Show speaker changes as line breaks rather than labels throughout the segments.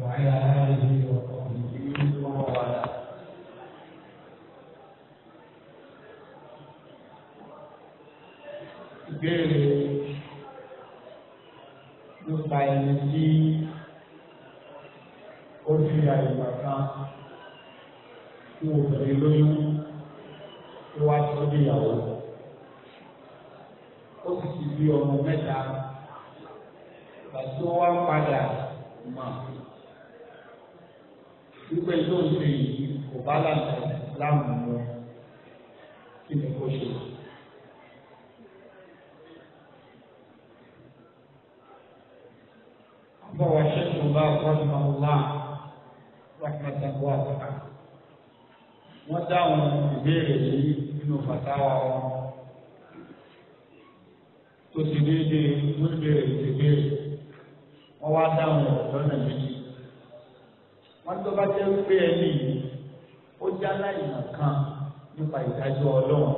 وعلى آله وصحبه ومن
ìbéèrè nípa ẹni tí ó ti àyùbá kan tí
obìnrin lóyún tí wá tó níyàwó ó sì ti bí ọmọ mẹ́ta pàtó wá padà
mọ́ wípé tó ń sè yìí kò bá lànà láàmú lọ kí ni kò ṣe.
àbọ̀wọ̀ ṣẹ́gun bá ọ̀pọ̀lọpọ̀ máa wà rahmatan
wa wà. wọ́n dáhùn ìbéèrè yìí nínú fàtáwà wọn tó ti déédéé wọ́n béèrè ìbéèrè wọ́n wá dáhùn lọ́nà méjì wọ́n tó bá jẹ́ wípé ẹni yìí ó já láyìnà kan nípa ìdájọ́ ọlọ́run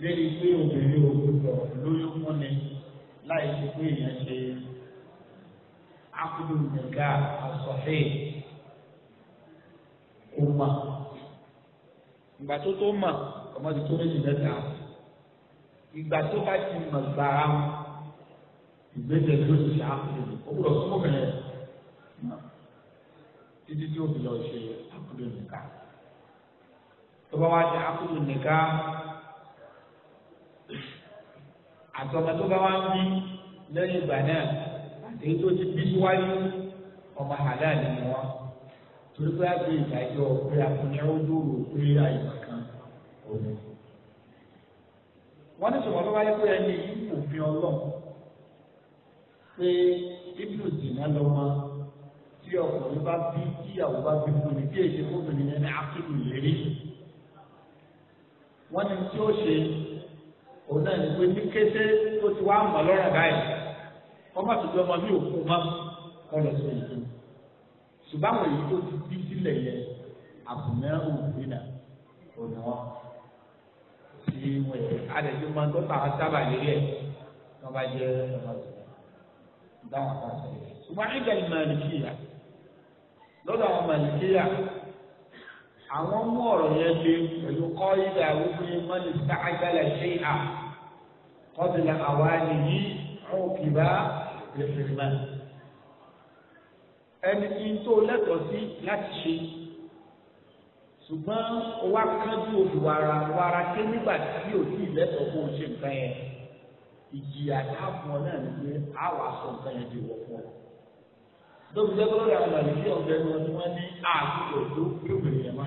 lérí pé obìnrin ògbódò lóyún fún ni láì fi pé èèyàn ṣe akudu nìga asọ̀hẹ́ kò mà ìgbà tó tó mà ọmọdé tó méjì mẹ́ta ìgbà tó bá ti mọ̀ gbàrà ìgbésẹ̀ tó ti ṣe akudu ó gbọ́dọ̀ fún obìnrin títí tí ó fi lọ ṣe àkúdù nìka tó bá wá ṣe àkúdù nìka àtọmọ tó bá wá ń bí lẹ́yìn ìgbà náà àti tó ti bí síwájú ọmọ àdáàlì ni wọn torí pé àgbè ìdájọ́ pé àkùnrin ó dúró pé
àyùmọ̀ kan òun
wọn ní sọmọ tó bá ẹni yìí òfin Ọlọ́run pé ibùdó dìnnà lọ máa tí ọkùnrin bá bí tíyàwó bá bí fún mi bí èyí fún mi nìyẹn ní ákìlù lérí wọ́n ní tí ó ṣe òun náà ní pé ní kété tó ti wá mọ̀ lọ́rọ̀ báyìí wọ́n bá tó fi ọmọ mi ò fún ọmọ kọ́ lọ sí ìlú ṣùgbọ́n àwọn èyí tó ti bí sílẹ̀ yẹn àbùmẹ́rù ìdá òun wọn tí wọ́n yẹ adẹ̀jú máa ń tó tàwọn sábà lérí ẹ̀ wọ́n bá jẹ́ ọmọ ìdáwọn àtàwọn ṣẹlẹ̀ ṣùgbọ́n ìgbà ìmọ̀ ẹ̀ lọ́dọ̀ àwọn màlìkíyà àwọn mú ọ̀rọ̀ yẹn lé pẹ̀lú kọ́ ilẹ̀ àwùjọ mọ́ni sáágbálẹ̀ ṣe à kọ́bìlà àwa nìyí ọ̀kìbá lẹ́fẹ̀rẹ̀mà ẹni tí ń tó lẹ́tọ̀ọ́ sí láti ṣe ṣùgbọ́n wá kájú òfin wàrà wàrà ké nígbà tí ò tí ì lẹ́tọ̀ọ́ kó o ṣe nǹkan yẹn ìjìyà táàbùn náà ni pé a nǹkan yẹn di wọ̀ fún ọ lóbi jẹ́kọ́ lórí àwọn àlejò ọ̀gbẹ́ wọn ni wọ́n ní àbúrò tó kéwòn èèyàn mọ́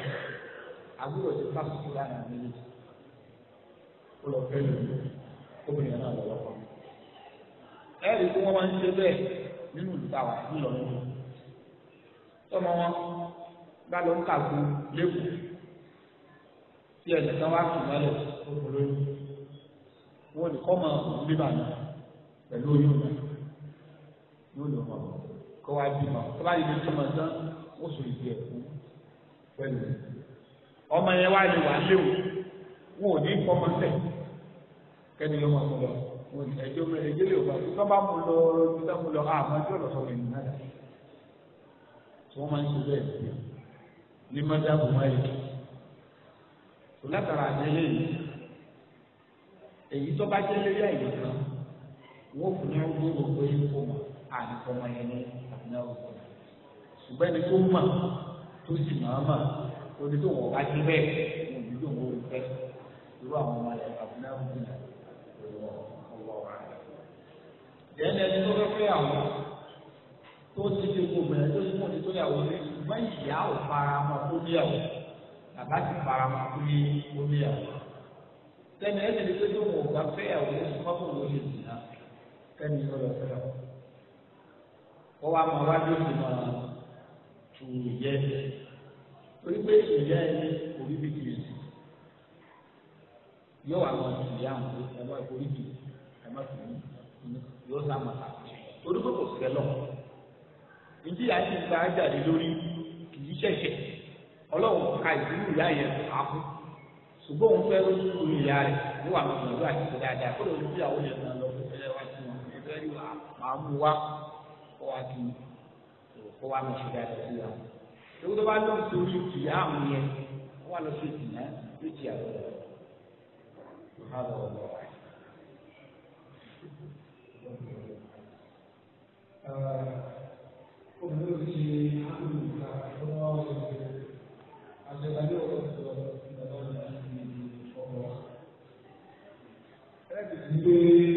àbúrò tó pàṣẹ lánàá nílé ó lọ fẹ́ lòlù obìnrin náà lọ́wọ́ ẹ rí i pé wọ́n máa ń ṣe bẹ́ẹ̀ nínú ìtawà ńlọrọ̀ tọmọ wọn bá lọ ń kàgbó lẹ́kọ̀ọ́ tí ẹnìkan wá kù lálẹ́ olóyún wọn ni kọ́ máa bíbà náà pẹ̀lú oyún náà yóò lọ́ máa kó wá bímọ tó bá yẹ bímọ tán ó sọ ìdí ẹ̀ kú pẹ̀lú ọmọ yẹn wá lè wá léwu wọn ò ní fọmọ tẹ̀ kẹ́ni yóò máa mú lọ ẹjọ́ mẹ́rin ẹjọ́ lè wá tó bá mú lọ tó bá mú lọ àmọ́ ẹjọ́ lọ sọ̀rọ̀ ìlú náà tí wọ́n máa ń ṣe bẹ́ẹ̀ ní mọ́tàbù máyì kò látara àjẹlé yìí èyí tó bá jẹ́ lé yá ìlú kan wọ́n fún ní ọgbọ́n gbogbo yìí fún wọn àti fọmọ yẹn ní náà ṣùgbọ́n ẹni tó mà tó sì máa mà lórí tó wọ́n bá bẹ́ẹ̀ wọn ò ní lóun ó fẹ́ irú àwọn ọmọ ẹ̀ àbúná ọ̀hún náà lọ́wọ́
ọwọ́ rẹ̀.
ìyẹn ẹni tó fẹ́ àwọn tó ti fi gbogbo ẹ̀ tó ti mú tó yà wọlé ṣùgbọ́n ìyá ò fara mọ́ tó bí bàbá ti fara mọ́ tó bí ó bí àwọn. sẹ́ni ẹ̀ ti di pé tó wọ́n ò bá fẹ́ àwọn ẹ̀ kọ́ wa máa wá lóṣù
máa tù yẹ torí pé ìyá ẹni
orí bí yóò wà máa tù yá àwọn yóò sá máa tà torí pé kò sẹ́ lọ ìdí àti ìgbà ajáde lórí ka ìyá yẹn àbú ṣùgbọ́n òun fẹ́ ìyá rẹ̀ ló wà ìlú àti kó lóun àwọn náà lọ wá kí kó wá máa ṣe dáadáa sí wa lóko tó bá lọ sí ìdìnnà ló
ti àwọn ọ̀rọ̀ lọ́hàbọ̀ wa. obìnrin ti ṣe àdúgbò ìta tó wá wọ́n ṣe ṣe lọ sí ọ̀rọ̀ ìṣẹ̀lẹ̀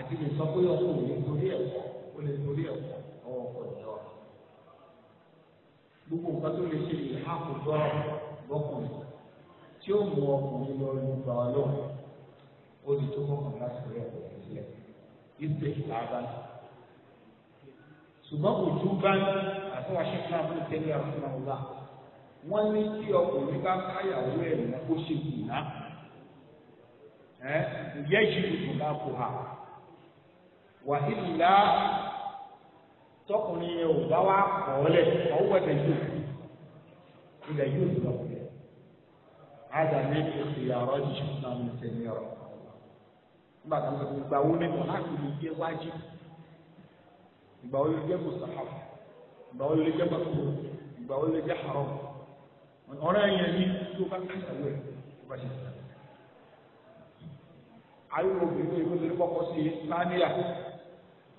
àti lè sọ pé ọkọ òye torí ẹ̀kọ́ ó lè torí ẹ̀kọ́ àwọn ọkọ ìjọ gbogbo nǹkan tó lè ṣe ìhàkùtọ bọkùnrin tí ó mú ọkùnrin lọ lùgbà Ọlọ́run ó lè tó mọkànlá sórí ẹ̀kọ́ sílẹ̀ ìpè ìlàbà ṣùgbọ́n òjú bá ní àti wàá ṣẹ́kọ̀ọ́ àbúrò tẹ́lẹ̀ àfúnà ọ̀la wọ́n ní kí ọkùnrin bá káyàwó ẹ̀ lọ́kọ́ ṣe gùn náà ẹ̀ ǹjẹ́ ìṣirò kò bá kó ha. wàhíìlá tọkùnrin yẹn ò bá wà kọ́ọ́lẹ̀ ọwọ́ ẹ̀ lẹ́yìn ilẹ̀ yóò lọ. Ádàmí ìyàrá jù náà ní sẹ́ni ọ̀rọ̀. Nígbà tó ń sọ ìgbà wo ni mo láti lè jẹ́ wájú? Ìgbà wo lè jẹ́ mùsàlá? Ìgbà wo lè jẹ́ Ìgbà wo lè jẹ́ àrọ̀? Ọ̀rẹ́ yẹn tó bá tó bá ṣe sàlẹ̀. Ayé obìnrin yìí ló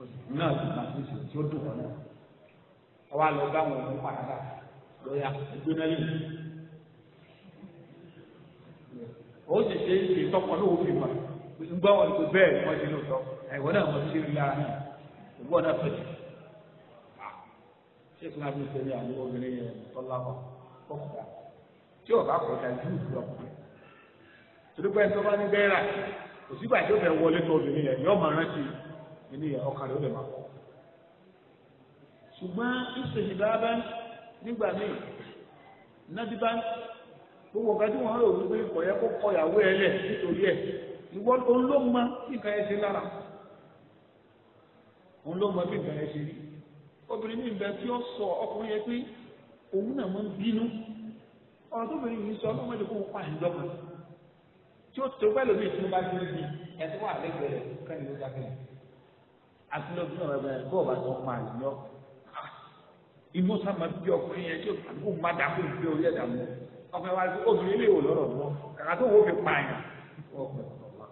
òṣèlú náà sì máa tún sùn tí ó dùn wọn náà
àwa lọ bá wọn ọdún pàdánù lọ́yà ẹgbẹ́ yìí ó sì ṣe ìṣe tọkọ lóhùn fi mọ̀ gbọ́ wọn bẹ́ẹ̀ wọ́n ti lóòótọ́ ẹ̀wọ́ náà wọ́n ti rí ara náà àwọn obìnrin yẹn tọ́lá kọ́kùnrin tí ìlú ọkùnrin torí pé ẹni tó bá ní bẹ́ẹ̀ rà wọlé tó obìnrin yẹn yọ eléyà ọkàn rẹ̀ ó lè máa kọ́. ṣùgbọ́n ìṣèjìdá bá nígbà míì nádìbá gbogbo ọ̀gá tí wọ́n rò wípé ìkọ̀yẹ́ kó kọ ìyàwó ẹ lẹ̀ nítorí ẹ̀ ìwọ òun ló mọ bí nǹkan ẹ ṣe lára òun ló mọ bí nǹkan ẹ ṣe rí obìnrin ní ìgbà tí ó sọ ọkùnrin yẹn pé òun náà máa ń bínú ọ̀rọ̀ tó bẹ̀rẹ̀ yìí sọ ọlọ́mọdé kó pa àìdọ́gba tí ó tó pẹ́ lómi ìtumọ̀ bá ti rí ẹ̀tọ́ wà lẹ́gbẹ̀ẹ́ kẹ́ni ló dákẹ́ akílọ́bí náà bá yẹ kó o bá sọ fún àyàn yọ inú sábà bí ọkùnrin yẹn tí o kò má dà kó gbé orí ẹ̀dá mú ọkùnrin wa obìnrin lè wò lọ́rọ̀ mọ́ kàkà tó wò ó fi
pa àyàn ọkùnrin ọ̀wá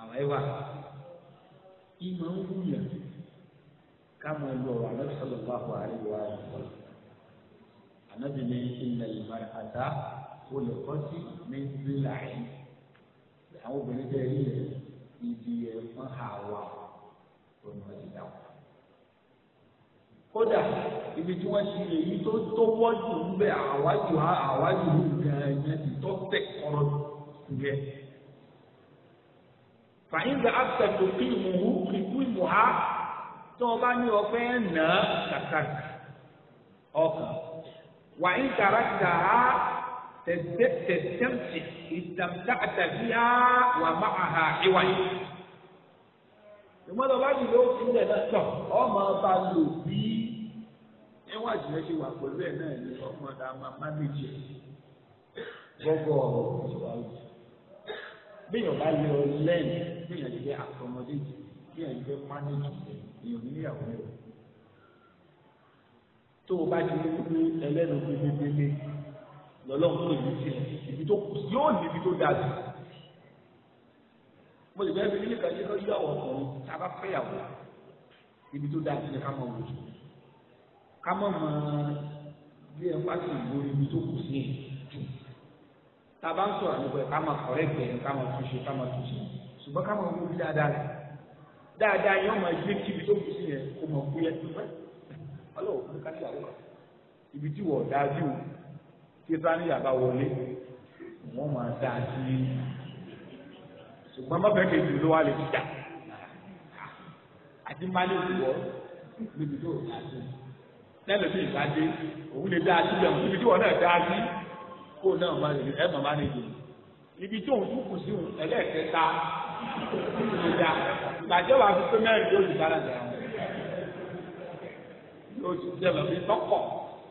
àwọn ẹ̀wà ìmọ̀ ń wúyàn
ká máa lo ọ̀rọ̀ àlọ́ sọ̀rọ̀ bá wà á rí wa ọ̀pọ̀ ànábì ní ilẹ̀ ìmọ̀ àdá olùkọ́sí ní bíláì àwọn obìnrin jẹ́ ilẹ̀ ibi ẹ̀fọn àwa
ó ní wọ́n ti dà wọ́n.
kódà ibi tí wọ́n ṣe èyí tó tó wọ́jú ń bẹ àwájú àwájú gan-an tó tẹ̀
kọ́rọ́ jẹ.
fàyínzà àtẹ̀tò kí ìmùhù kí kú ìmùhà tí wọ́n bá ní ọ̀fẹ́ nà á kàkàkà ọkàn wà ń kàràkà á tẹ̀tẹ̀ tẹ̀tẹ̀ ìtàmtàkàtà bíi á wà má àhà ìwà ìmọ̀lẹ̀ bá yìí ló fi lẹ̀ lọ́tọ̀ ọmọ ọba lò bí níwọ̀n àjùlẹ̀ ṣe wà pẹ̀lú ẹ̀ náà ni ọmọ ọ̀dà máa má lè jẹ
gbọ́gbọ́ ọ̀rọ̀
ìwà òjò bíyàn bá lè ọ lẹ́yìn bíyàn lè àtọmọdé bíyàn lè mánéjì èèyàn níyàwó rẹ̀ tó o bá ti ní wípé ẹlẹ́nu gbégbégbé lọ́lọ́run tó ìlú tiẹ̀ ibi tó yóò níbi tó dáa jù mo lè bẹ́ẹ̀ fi kíni kan yíyọ yọ àwọn ọkùnrin tá a bá fẹ́ yàwó ibi tó dáa sí ni ká máa wò ó ká máa mọ bí ẹ bá sì wo ibi tó kù sí yẹn jù tá a bá ń sọ̀rọ̀ nípa ẹ̀ ká máa kọ̀rẹ́ gbẹ̀yìn ká máa túnṣe ká máa túnṣe ṣùgbọ́n ká máa wò ó dáadáa rẹ̀ dáadáa yẹn ọmọ ẹgbẹ́ tí ibi tó kù sí yẹn kò mọ̀ kú yẹn tó fẹ́ ọlọ́wọ́
ṣùgbọ́n má bẹ́ẹ̀ kejì ló wà lè jíjà
àti mbálẹ̀ òwúwọ́ níbi tó o náà dé lẹ́nu bí ìbádé òun lè dá a síbẹ̀ òun níbi tí wọ́n náà dá a sí kó náà má lè ẹ̀ màmá lè dè ibi tí òun tún kù sí òun ẹlẹ́ẹ̀kẹta ló dá ìgbàjẹ́ wàá fi pé mẹ́rin yóò lè dára dára
yóò ti jẹ́ lọ́bí tọ́kọ̀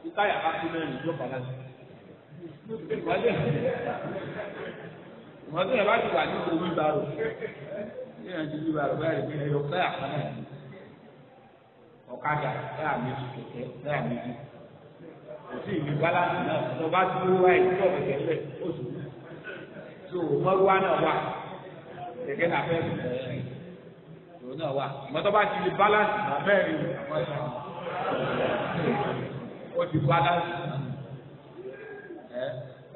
ìtayà bá fi mẹ́rin yóò bá dára mọtò yẹn bá ti wà ní omi baro
yẹn ti bí baro
báyìí pé ẹyọ pé àkànnà yìí ọ̀kadà bẹ́ẹ̀ àmì kẹ̀kẹ́ bẹ́ẹ̀ àmì jù
kò sí ìlú balance náà tó bá dúró wáyé tó ọ̀bẹ kẹ̀kẹ́ oṣù tó mọ́rúwá náà wà kẹ̀kẹ́ náà fẹ́ tó
náà wà mọ́tò bá ti lè balance náà bẹ́ẹ̀ rí o ti balance ẹ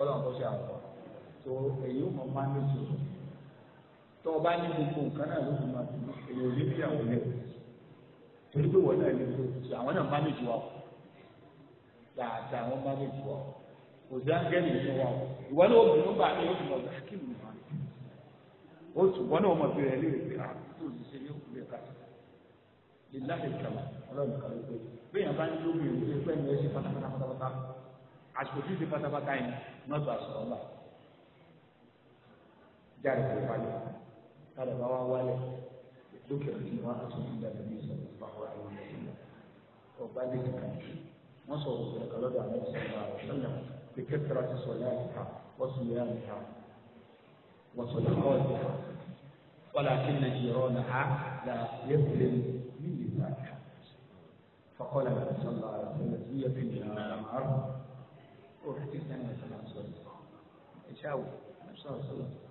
ọlọ́run kò ṣe àwọn tó èyí ò mọ máa ń lè tó o bá ní gbogbo nǹkan náà ló fi máa fi èyí ò ní fi àwọn ilẹ̀ torí pé wọ́n náà lè fi so àwọn náà máa lè jù wá o dáadáa wọ́n máa lè jù wá o kò sí áńgẹ́lì tó wá o ìwọ náà obìnrin ó bá a ní oṣù lọ sí kí ló máa o tù wọ́n náà mọ̀ pé ẹ lè rí àtúntò ṣe ní òkú lè ká lílá ìkàlà ọlọ́run kan ló pé bẹ́ẹ̀ bá ń lóbi ìwé pẹ́ẹ́ni ẹ ṣe pátápátá pátápátá tí ó ṣe pátápátá yẹn náà gbà sọ̀rọ̀ báyìí.
جعلت يقال
قال فما والد ذكر امرأة من النبي صلى الله عليه وسلم وبعد ذلك نصر في القلب عليه صلى الله عليه وسلم بكثرة صلاتها وصيامها وصدقاتها ولكن جيرانها لا يظلم من نسائها فقال النبي صلى الله عليه وسلم هي في النار وحتى كان صلى الله عليه وسلم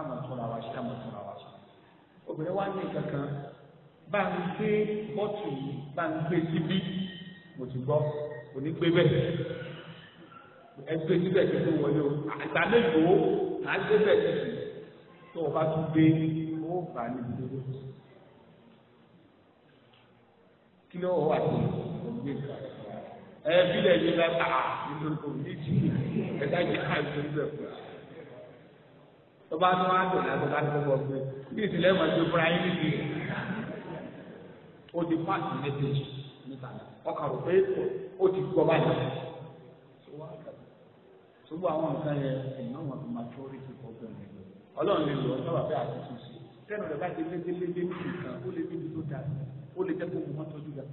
àmọ̀ túnra wa ṣe àmọ̀ túnra wa ṣe obìnrin wa ní kankan bá ń gbé bọ́tù yìí bá ń gbé síbí mo ti gbọ́ kò ní gbé bẹ́ẹ̀ ẹ gbé síbẹ̀ kí ló wọlé o àgbà mélòó à ń gbé bẹ́ẹ̀
sí tó o bá tún gbé
ó bà á níbi tó kí ló wà tó
o gbé nǹkan ẹ bí lẹ́yìn bá tà á
nítorí kò ní jì ẹ̀dá jẹ́ àìsàn bẹ́ẹ̀ fún wa tọba tó wá dùn láti ká tó bọ pé bí ìsìlẹ̀ mọ̀ tó fúnra yín nìyí ó ti pàṣẹ mẹ́tẹ̀ẹ̀sì níta ọkà rò pé ó ti gbọ́ báyìí ṣùgbọ́n àwọn nǹkan yẹn èèyàn wọn fi maturity
problem yẹn ọlọ́run lè lọ sábà fẹ́ àtúntò
sí tẹ́nu rẹ̀ bá ti lédélé ní nǹkan ó lè débi tó dáa ó lè dẹ́kun mọ́ tọ́jú ga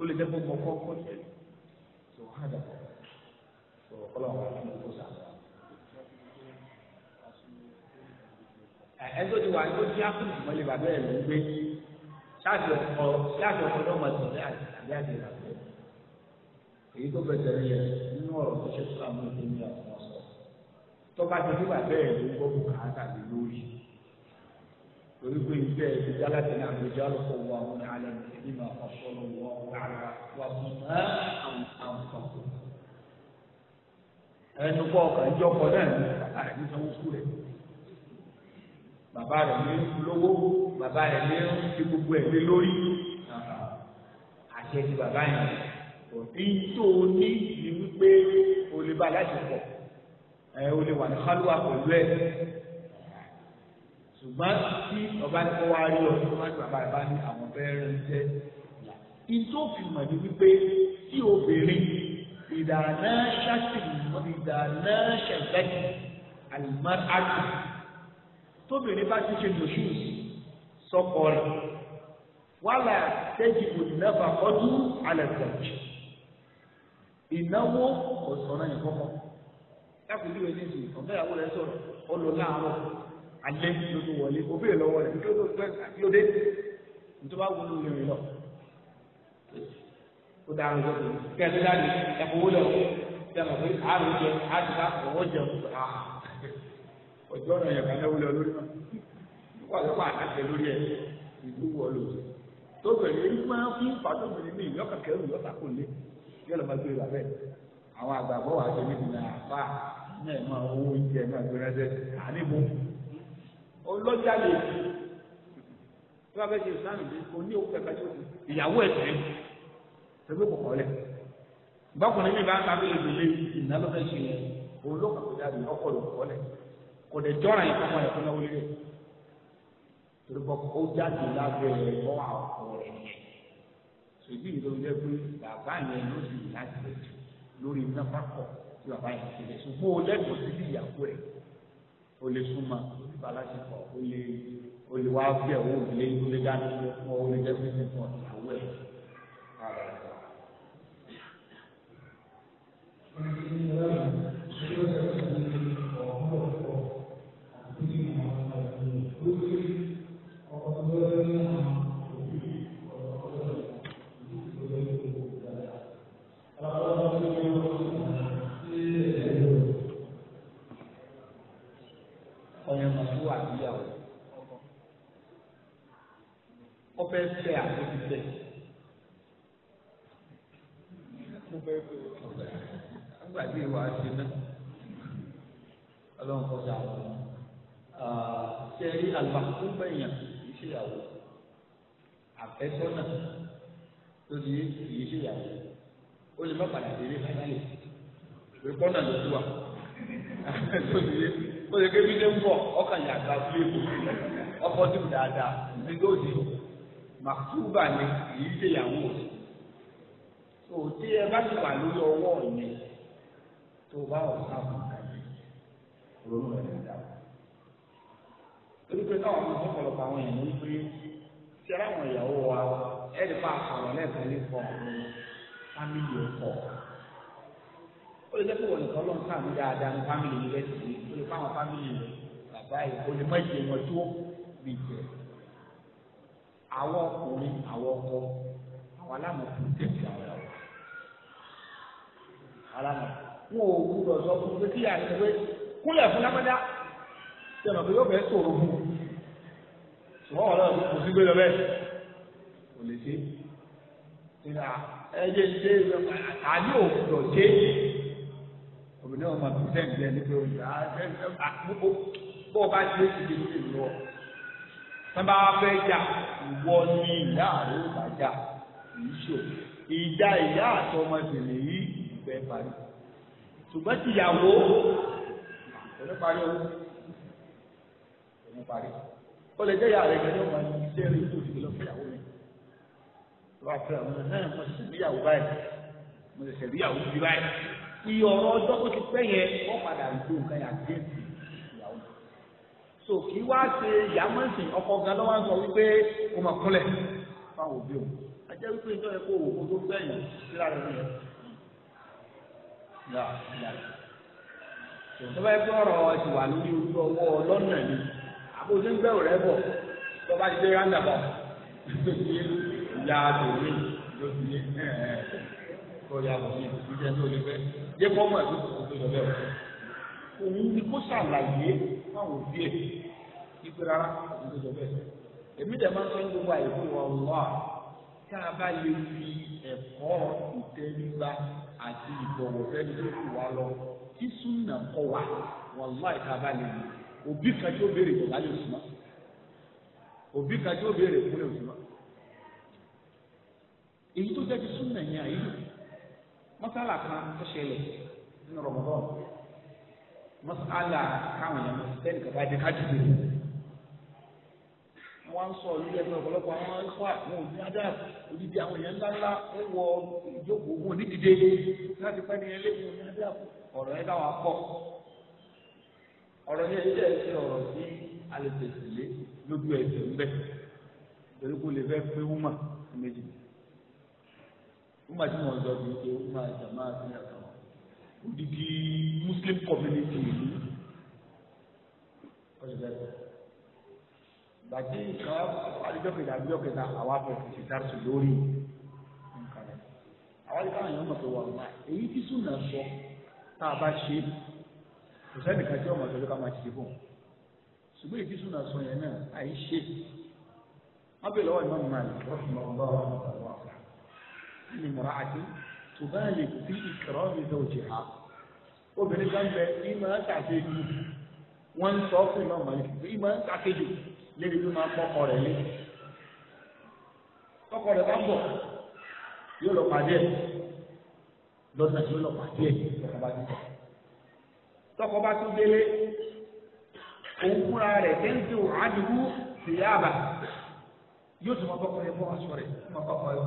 ó lè dẹ́kun mọ́ kọ́kọ́ yẹn
ṣò hádà ṣò ọlọ́run wà fún ìkóṣà. ẹjọ́ ti wà ní ó ti mọ́ lè bàbá ẹ̀ ló ń gbé
ṣáàtì ọkọ ṣáàtì ọkọ náà máa tẹ̀lé àbí àti ìrànlọ́ èyí tó bẹ̀ tẹ̀lé yẹ nínú ọ̀rọ̀ tó ṣe tó àmú
ìdí ní àwọn ọ̀sọ̀
tó bá ti ní bàbá ẹ̀ ló ń gbọ́ bùkátà lé lórí torí pé ìgbẹ́ ti dá láti ní àgbèjọ́ àlùkò wà wọn alẹ́ nígbà ọ̀ṣọ́ lọ́wọ́ wà bàbá rẹ̀ lé lówó bàbá rẹ̀ lé ti gbogbo ẹ̀ lé lórí àṣẹ ti bàbá yẹn òbí tó ní ìdí wípé o lè bá láti pọ̀ ẹ o lè wà ní kálúwà pẹ̀lú ẹ̀
ṣùgbọ́n tí ọba ní kó wá rí ọ
tó má ti bàbá rẹ̀ bá ní àwọn fẹ́ẹ́ rẹ̀ jẹ́ ìtò fìmọ̀ ní wípé tí obìnrin ìdáná ṣáṣìlì ìdáná ṣẹ̀ṣẹ̀ àlùmọ́ àti tóbìnrin bá ṣiṣẹ́ lòṣù sọ́kọ rẹ̀ wàhálà tẹ́jì òdìnàfà ọdún alẹ́ gbàjì ìnáwó ọ̀sán náà yẹn kọ́kọ́ lákòókò ìwé ní ìsìn ọ̀gá ìyàwó rẹ̀ sọ̀rọ̀ ó lọ láàárọ̀ alẹ́ ló ti wọlé òbí rẹ̀ lọ́wọ́ rẹ̀ kí ló fẹ́ kí ló dé nítorí wàá wọlé òye rẹ̀ lọ. ó dára lọ kí ẹ ti dáre ẹ kò wọlé ọ bí a mọ̀ pé àárò jẹ àdìbá ọ̀wọ́ jẹ ọ̀hún ọjọ́ ọ̀nà yẹ̀ká náà wúlọ lórí wọn ló wà láti lórí ẹ̀ ìlú wọ lò tó bẹ̀rẹ̀ ní máa fi ń fàtó bẹ̀rẹ̀ mí kò lé yóò lọ́ gbé rà e bẹ́ẹ̀ àwọn àgbàgbọ́ wà tó níbi náà àfà náà máa owó oúnjẹ máa gbé rẹ́sẹ̀ àníbù ọlọ́jà lè fi tí wọ́n fẹ́ ṣe ìsìlámù yìí kò ní owó kẹta tó ìyàwó ẹ̀sẹ̀ ẹgbẹ́ kọ̀kọ́ lẹ̀ bákùnrin mi bá ń ta bí ìdílé ìnáwó fẹ́ ṣe olókàkọ́ jáde ọkọ̀ lọ́kọ́ lẹ̀ kò dé jọ́ra yẹn kọ́mọ yẹn fún ẹwúlé torí bọ́ ó jáde lábẹ́ ọwọ́ àwọn ọkọ yẹn ṣèjì ìlú jẹ́ pé bàbá yẹn ló sì yà jẹ lórí náfà kọ̀ tí bàbá yẹn ti lè ṣùgbọ́n o lẹ́kọ̀ọ́ sí bí ìyàwó rẹ̀ o lè súnmọ́ o lè bàlá ṣe pọ̀ o lè o lè wá bẹ̀ o lè o lè dáná fún ọ o lè jẹ́ fún ìyàwó ẹ̀
Thank you.
rí àlùmákùn bẹ̀yàn kì í ṣèyàwó àfẹ́sọ́nà tó di kì í ṣèyàwó ó lè má padà délé fáyálì pé pọ́nà ló wà tó di ó lè kébi dé ń bọ̀ ọkàn yàgbá fún èkó ọkọ̀ dùn dáadáa nígbà òde màkúbà ni kì í ṣèyàwó tó tí ẹ bá ti wà lórí ọwọ́ yẹn tó bá ọ̀sán kan kàyé ronú ẹ̀ dáadáa torí náà wọn fún ọ̀pọ̀lọpọ̀ àwọn èèyàn wípé tí ara àwọn ìyàwó wa ẹni pa àkàrọ̀ lẹ́ẹ̀kan lè fọ fámìlì ọkọ ó lè dẹ́kun wọ̀lẹ̀ tọ́lọ́ nǹkan mi dáadáa ní fámìlì yìí lẹ́sìn yìí ó lè fáwọn fámìlì rẹ̀ bàbá yìí ó lè má jẹ wọn tó lè jẹ àwọn ọkùnrin àwọn ọkọ àwọn alámọ̀kù tẹ̀sí àwọn ìyàwó alámọ̀kù wọn ò gbúdọ̀ sọ fún mi kí àtẹ̀wé kúnlẹ̀ fún lágbádá ṣe ọ̀nà pé yóò fẹ́ sòrò fún un ṣùgbọ́n wọn náà kò sí gbé lọ bẹ́ẹ̀ kò lè ṣe ẹ jẹ́ ṣe àní òkùnkùn ṣe obìnrin ọmọ bísẹ̀m jẹ́ ní pé òǹdà bó o bá ṣe é ṣe lè ṣe lọ sábà fẹ́ jà ìwọ ni ìyá rẹ̀ ó yìí ìfẹ́ parí ṣùgbọ́n tìyàwó ìfẹ́ parí ọ̀hún ní parí ó lè jẹ́ ìyá rẹ̀ gẹ́gẹ́ ọmọ iṣẹ́ rẹ̀ tó fi lọ fìyàwó mi tó fẹ́ àwọn náà mo ṣẹ̀ṣẹ̀ níyàwó báyìí mo ṣẹ̀ṣẹ̀ níyàwó bí báyìí iye ọ̀rọ̀ ọjọ́ tó ti pẹ́ yẹn wọ́n padà ń gbó nǹkan yàtí ìyàwó so kì í wá ṣe ìyàmọ̀sìn ọkọ gan lọ́wọ́ sọ wípé kò mà kúnlẹ̀ fáwọn òbí òun ajẹ́ wípé ìjọ yẹ òwò tó tó bá yẹ kó àbò tó ń gbẹ̀rù rẹ bọ̀ tó bá ti dé randa bọ̀ ìyá tòun ló ti ní kó ya bọ̀ ní ìdíjẹ́ ní olùfẹ́ yẹ kó mọ̀ ẹ̀dùn tó tó lọ bẹ́ẹ̀ òun ni kó ṣàlàyé fáwọn òbí ẹ̀ ìpè rárá tó tó lọ bẹ́ẹ̀ èmi dẹ̀ máa ń sọ ní gbogbo àyè fún wọn wá tá a bá lè fi ẹ̀kọ́ ìtẹríba àti ìbọ̀wọ̀ fẹ́ni tó fi wá lọ tí súnà kọ wà wọ́n láì tá a bá lè lò Obi ka tí bere béèrè kò láyé oṣù mọ́ òbí kan tí ó béèrè kò lè oṣù mọ́ èyí tó jẹ́ ti súnmọ́ na mọ́sálà kan tó ṣẹlẹ̀ nínú rọ̀mọ́dọ́ mọ́sálà káwọn èèyàn mọ̀ sẹ́ni kàkà ẹ̀dẹ́ ká dìde wọ́n sọ ìlú ẹgbẹ́ ọ̀pọ̀lọpọ̀ àwọn ẹ̀fọ́ àwọn òbí ajá odidi àwọn èèyàn wọ ìjókòó wọn nídìde láti pẹ́ ní ọ̀rọ̀ ọ̀rọ̀ yẹn jẹ́ ẹ̀ṣẹ̀ ọ̀rọ̀ sí alẹ́tẹ̀sílẹ̀ lójú ẹ̀sẹ̀ ńbẹ̀ torí kò lè fẹ́ pé wúmà méjì wúmà tí wọ́n jọ bí ṣe wúmà jàmá sí àtọ̀ odidi muslim community yìí ọ̀sẹ̀ gbàtí nǹkan àdìjọ́ kẹta àdìjọ́ kẹta àwa fẹ́ fi ṣètàṣù lórí nǹkan rẹ̀ àwa lè káwọn èèyàn mọ̀ pé wà á èyí tí súnà sọ tá a bá ṣe é kò sẹ́nìkan tí ọmọ ìtọ́jú ká máa ṣiṣẹ́ fún un ṣùgbọ́n èyí sùn náà sọ yẹn náà àyè ṣe wọ́n bè lọ́wọ́ ìmọ̀ màlì rọ́ọ̀mù ọ̀gbọ́n ọ̀gbọ́n ọ̀gbọ́n ní mùràtí tó bá lè fi ìkìrọ̀ mi lọ jì ha obìnrin kan bẹ ìmọ̀ ń tàṣe jù wọ́n ń sọ fún ìmọ̀ màlì ìmọ̀ ń tàṣe jù lébi bí máa kọ́kọ́ rẹ̀ lé kọ́kọ́ rẹ̀ bá bọ̀ yóò lọ pàdé lọ́sàn-án yóò lọ pàdé lọ́sàn-án bá ti sọ̀rọ̀ tọkọ bá tún délé òun fúnra rẹ̀ kéńtì òun àdìgún tìyàbà yóò tún mọ bọ́kùnrin fún aṣọ rẹ̀ mọ kọ́kọ́ yọ.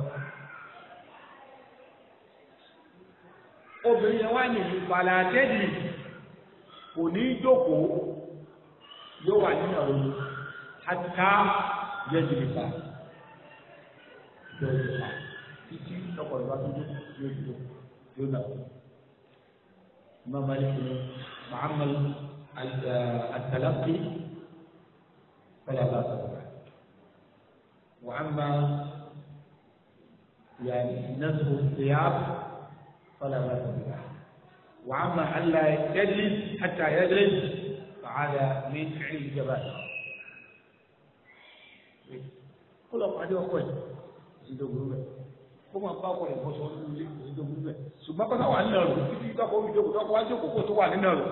obìnrin yẹn wá ní ìpàlà àtẹ́jì kò ní í jókòó yóò wà nínú àwọn àtìká yẹn jìnnì pa yóò jìnnì títí lọ́kọ̀ọ́ ìwádìí yóò dúró yóò dà. وأما التلقي فلا بأس به وأما يعني نسخ الثياب فلا بأس به وأما ألا يجلس حتى يدرس فهذا من فعل الجبال كلهم واحد يقول kó máa bá ọkọ rẹ̀ bọ́ sọ́ọ́ nílé ìdókòwò rẹ̀ ṣùgbọ́n kọ́tà wà nínú ọ̀rọ̀ títí tọ́kọ omi ìjókòó tọ́kọ wájú òkòkò tó wà nínú ọ̀rọ̀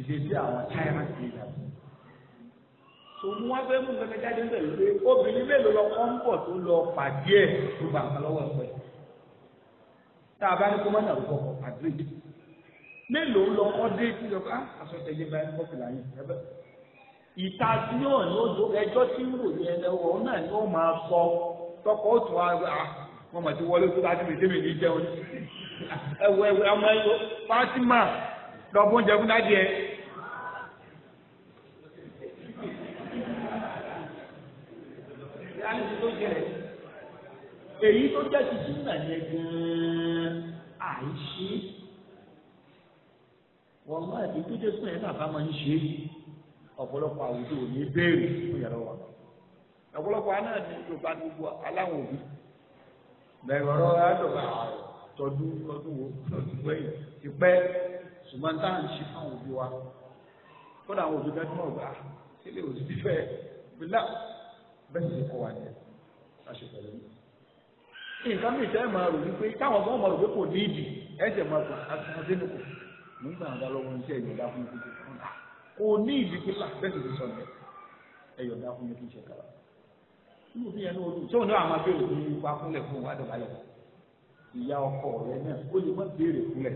ìṣe sí àwọn china ti dà. sòmù wá fẹ́ mú nǹkan jáde ń bẹ̀rù pé obìnrin mélòó lọ kọ́ ń bọ̀ tó lọ pàdé ẹ̀ tó bá nǹkan lọ́wọ́ ẹ̀kọ́ ẹ̀. tá a bá ní kó má nàró kọkọ mélòó lọ dé tí lọ ká ah, aṣọ tẹ̀lé báyìí kọ́fìlà yìí ẹ̀bẹ̀. ìta tí yóò ní ojú ẹjọ́ tí ń wò yẹn náà ni ó máa sọ tọkọ ó tún ah, wọ́n mọ̀ sí wọlé tó ti lè tẹ́lẹ̀ ní jẹun ẹ̀wẹ̀ ẹ̀wẹ̀ ọmọ ẹ̀yọ Fatima lọ́gbọ́n jẹun dájú ẹ̀. èyí tó jẹ́ ti sínú ẹ̀yẹ gan-an àìṣe wọ́n mọ̀ èyí tó jẹ́ sínú ẹ̀yẹ náà bá máa ń ṣe ọ̀pọ̀lọpọ̀ àwùjọ ò ní bẹ́ẹ̀rù fún yàrá wa ọ̀pọ̀lọpọ̀ aná ni Yorùbá gbogbo aláwọ̀ òbí bẹ̀rẹ̀ ọ̀rọ̀ àdọ̀gbà tọdún ọdún wo tọdún wẹ̀yìn ti pẹ́ ṣùgbọ́n táà ń ṣe fáwọn òbí wa kódà àwọn òbí bẹ́ẹ̀ mọ̀ gbà ilé òsì fífẹ́ bílà bẹ́ẹ̀ ti kọ́ wa ní aṣọ pẹ̀lú mi. nǹkan mi ìtẹ́ máa rò wípé táwọn ọmọ ọmọ rò pé kò ní ìdì ẹ̀jẹ̀ máa gbà àtúnṣe kò nígbà àgbà lọ́wọ́ iṣẹ́ ìyọ̀dá fún mi kò ní ìdí pílà bẹ́ẹ̀ ti tóun náà àmọ́ bí òun ní ipa kúnlẹ̀ fún wa dọ̀bálẹ̀ ìyá ọkọ rẹ náà ó lè má béèrè kúnlẹ̀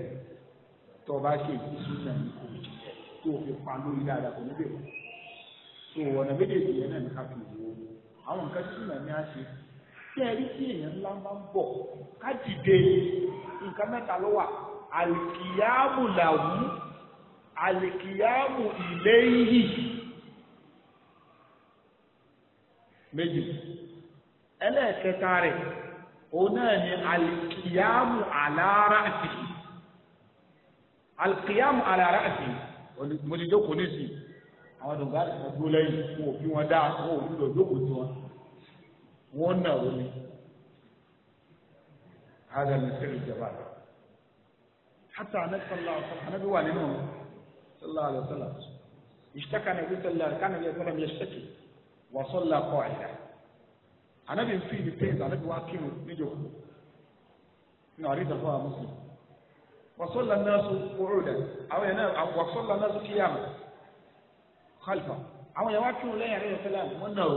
tó o bá ṣe ìdísú náà ní kò jìjẹ tó o fi pa lórí dáadáa kò ní bèrè tó o wọ̀nà méjèèjì yẹn náà ní ká fi wò ó àwọn nǹkan tí náà ní á ṣe tí ẹ rí tí èèyàn ńlá máa ń bọ̀ ká dìde nǹkan mẹ́ta ló wà àlìkìyàmù làwù àlìkìyàmù ìléyìí méjì ẹlẹ́ẹ̀kẹta rẹ̀ òun náà ni alikiyamu alaarasi alikiyamu alaarasi mo ti jókòó nísì àwọn dùnkà ìgbó lẹ́yìn wọn ò fi wọn dá wọn ò nílò jókòó tí wọn wọn nà ó ní azami sẹ́yìn ìjọba hata anasala anabi wà nínú sallallahu alayhi wa sallam ishtaka nabi sallallahu alayhi wa sallam yashtaki wa sallallahu alayhi wa sallam anabi n feel the pain anabi wa kírun níjọba ní àrídà fún àwọn muslim wasọ́lá náà sọ wọ́rọ̀ dẹ̀ àwọn yẹn náà wasọ́lá náà sọ kíyàm kálífà àwọn yẹn wá kírun lẹ́yìn àríyàn fẹ́lá wọn náà o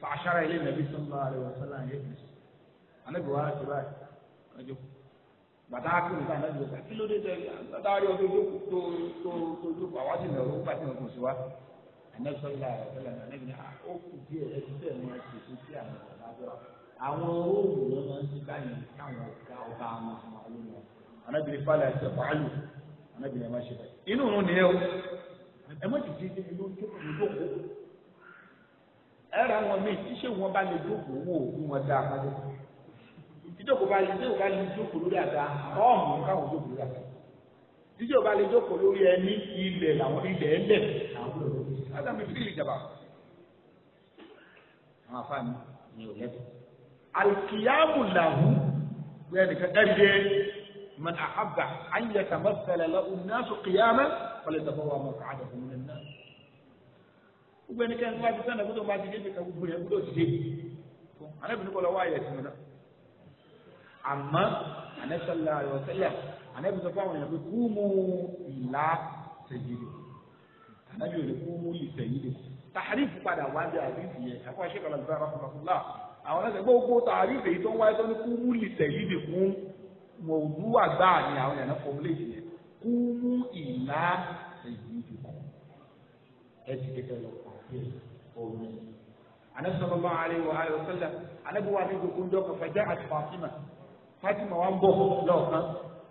fa aṣára ilé nàbí sọ́nà àríwá fẹ́lá yẹn kì í sọ anabi wa ti báyìí ọjọ́ bàtà kírun fún anabi wa kí ló dé tẹ̀lé bàtà àríwá tó tó tó tó àwọn àti nàró bàtà nàró kò sí wa anasọlá ọsọlá nàbí ni ó kù díẹ̀ ẹtí tẹ wọn ṣètò sí àwọn àwọn róòmù ló máa ń ti báyìí káwọn ọgá ọba wọn fún àwọn ọmọ falẹ ẹsẹ bàálù anábìrin ẹmọ ṣe báyìí inú òun nìyẹn o ẹmọ dìde ṣe ni ló ń jókòó lóko ẹrọ àwọn míì tí ṣé wọn bá lè jókòó wò ó wọn dá kájọ ìjókòó bá lè jókòó lórí àga ọmọ káwọn jókòó lórí àga tíjọ́ bá lè jókòó lórí ẹni ilẹ̀ làwọn ilẹ̀ ẹlẹ̀ làwọn olùkọ́ adamu fílì ìjàmbá àwọn afáàní ni ò lẹ́tọ̀ alikiyamu làwù wẹ́n nìkan ẹ̀jẹ̀ man ahabba an yatamassala lahu nasu qiyama falyatabawa maq'adahu minan nar gbogbo ẹni kẹ́hìn wájú sẹ́nà gbọ́dọ̀ máa dìde ìfẹ́ gbogbo yẹn gbọ́dọ̀ dìde fún anábìnrin kọ́ lọ́wọ́ àyẹ̀sìn náà àmọ́ anẹ́sọ̀lá ayọ̀ sẹ́lẹ̀ ànábì sọ fáwọn èèyàn pé kú mú ìlà sẹ̀yìdì ànábì ò ní kú mú ìsẹ̀yìdì tàrífù padà wá bí àrífù yẹn ẹ̀kọ́ ṣe kọ́lá ìfẹ́ rọ́pọ̀lọpọ̀lá àwọn ẹ̀sẹ̀ gbogbo tàrífù èyí tó ń wáyé tó ní kú mú ìsẹ̀yìdì fún mọ̀ọ́dú àgbà ni àwọn èèyàn fọ́ léèdì yẹn kú mú ìlà
sẹ̀yìdì kọ́
ẹ̀ ti kẹ́kẹ́ lọ àti ọ̀run anabi sallallahu alayhi wa alayhi wa sallam anabi wa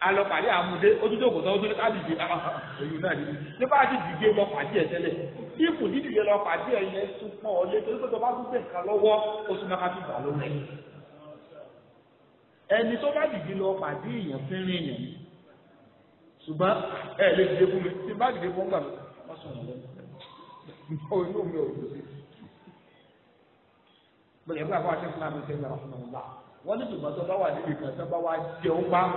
alọ pàdé àmúdé ojúdé òkòtò ojúdé kábíyì èyí náà ni nípa àti dìde lọ pàdé ẹ tẹ́lẹ̀ ipò dídìde lọ pàdé ẹ yẹn súnmọ́ ọ létò nípa tó bá tún bẹ̀ẹ̀ kan lọ́wọ́ ó ká tún gbà lọ́wọ́ ẹ ẹni tó bá dìde lọ pàdé èèyàn fẹ́ràn èèyàn ni ẹ lè dìde fún mi tí bá dìde fún gbà mí wọ́n sùn wọn lọ́wọ́ inú mi ò sí bẹ́ẹ̀ bí àwọn aṣẹ́fúnra mi sẹ́yìn àwọn ọmọ wọn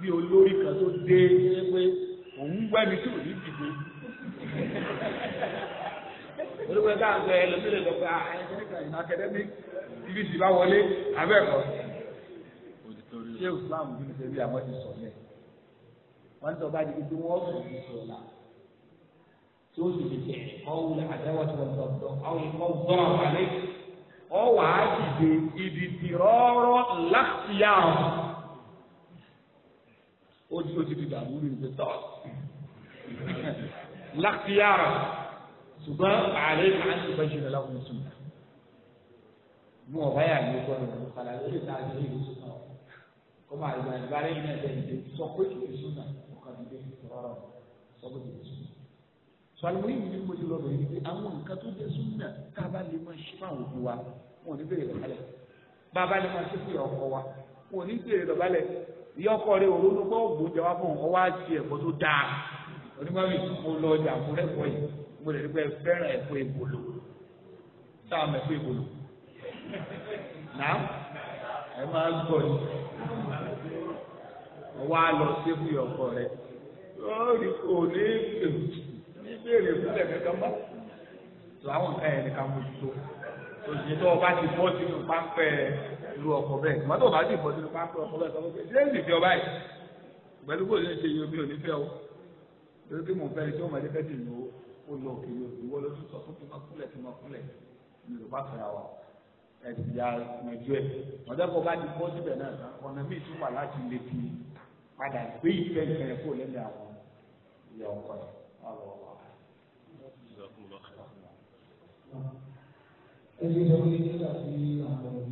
bí olórí kan tó dé pé òun gbẹ́ni tí ò ní dìbò
olùkọ́ ká àgbẹ̀ ẹlòmílẹ̀ lọ pé ah, ẹ̀ẹ́dẹ́gbẹ̀rún
academic tv ti bá wọlé abẹ́ẹ̀kọ́ ṣé islam bí mi ṣe rí àwọn ti sọ lẹ̀ wọ́n tọ́ bá di ibi wọ́n sọ ní sọ̀la tí ó sì fi tẹ̀ ọ̀hún àdáwọ̀ tí wọ́n tọ̀ tọ̀ ọ̀hún kọ́ gbọ́n àbálẹ́ ọ̀wà á dìde ìdìtì rọ́rọ́ láti yá ọ̀hún ó ti ó ti di dàbí ní ìgbé tọ́ lákìyàrá ṣùgbọ́n ààrẹ máa ń ṣe bá ṣẹlẹ̀ láwọn oṣù náà mú ọ̀bá yà ní ọgbọ́n rẹ̀ kàlà lórí ìta àti ìlú sùnà kó máa gba ìbára yìí náà bẹ́ẹ̀ ní sọ pé ìlú sùnà ọkàn ní bẹ́ẹ̀ rọrọ sọ pé ìlú sùnà. sọlá yìí ni mo ti lọ bẹ̀rẹ̀ pé àwọn nǹkan tó jẹ́ sùnà ká bá lè máa ṣe fáwọn òkú wa wọn ò ní bèrè lọ́balẹ̀ ìyọkọ rẹ òru ló gbọ́ ògbóúnjẹ wá fún ọ wá ṣe ẹ̀kọ́ tó dáa onígbà mi mo lọ ọjà mo rẹ́kọ̀ọ́ yìí mo lè rí pé fẹ́ràn ẹ̀kọ́ ìbòlò sáà mẹ́kọ́ ìbòlò náà ẹ máa gbọ́ ni ọwọ́ á lọ sí fún ìyọkọ rẹ lórí kò ní ní béèrè fúnlẹ̀ kankan mọ́ làwọn ẹ̀ẹ́dẹ̀ka mojútó òṣìṣẹ́ tó o bá ti bọ́ sínú páńpẹ́ ẹ̀ irú ọkọ bẹ́ẹ̀ ìgbà tó bá sì bọ́ sínú pápá ọkọ bẹ́ẹ̀ sọ́kọ́ bẹ́ẹ̀ ṣé èsì fi ọba yìí pẹ̀lú bó ṣe ń ṣe yìí omi ò ní fẹ́ o lórí kí mò ń fẹ́ ni tí wọ́n máa jẹ́ kẹ́tì ìnáwó ó lọ òkè yóò ìwọ ló sọ fún kí n máa kúlẹ̀ kí n máa kúlẹ̀ wa ẹ̀sìn ya nàìjú ẹ̀ ọ̀dọ́ kó bá ti bọ́ síbẹ̀ náà ọ̀nà míì tún wà láti lè fi padà gbé ìfẹ́ ìfẹ́ kó lẹ́nu àwọn
ìyá ọkọ rẹ̀ ọ̀rọ̀ ọ̀rọ̀ àwọn ọmọ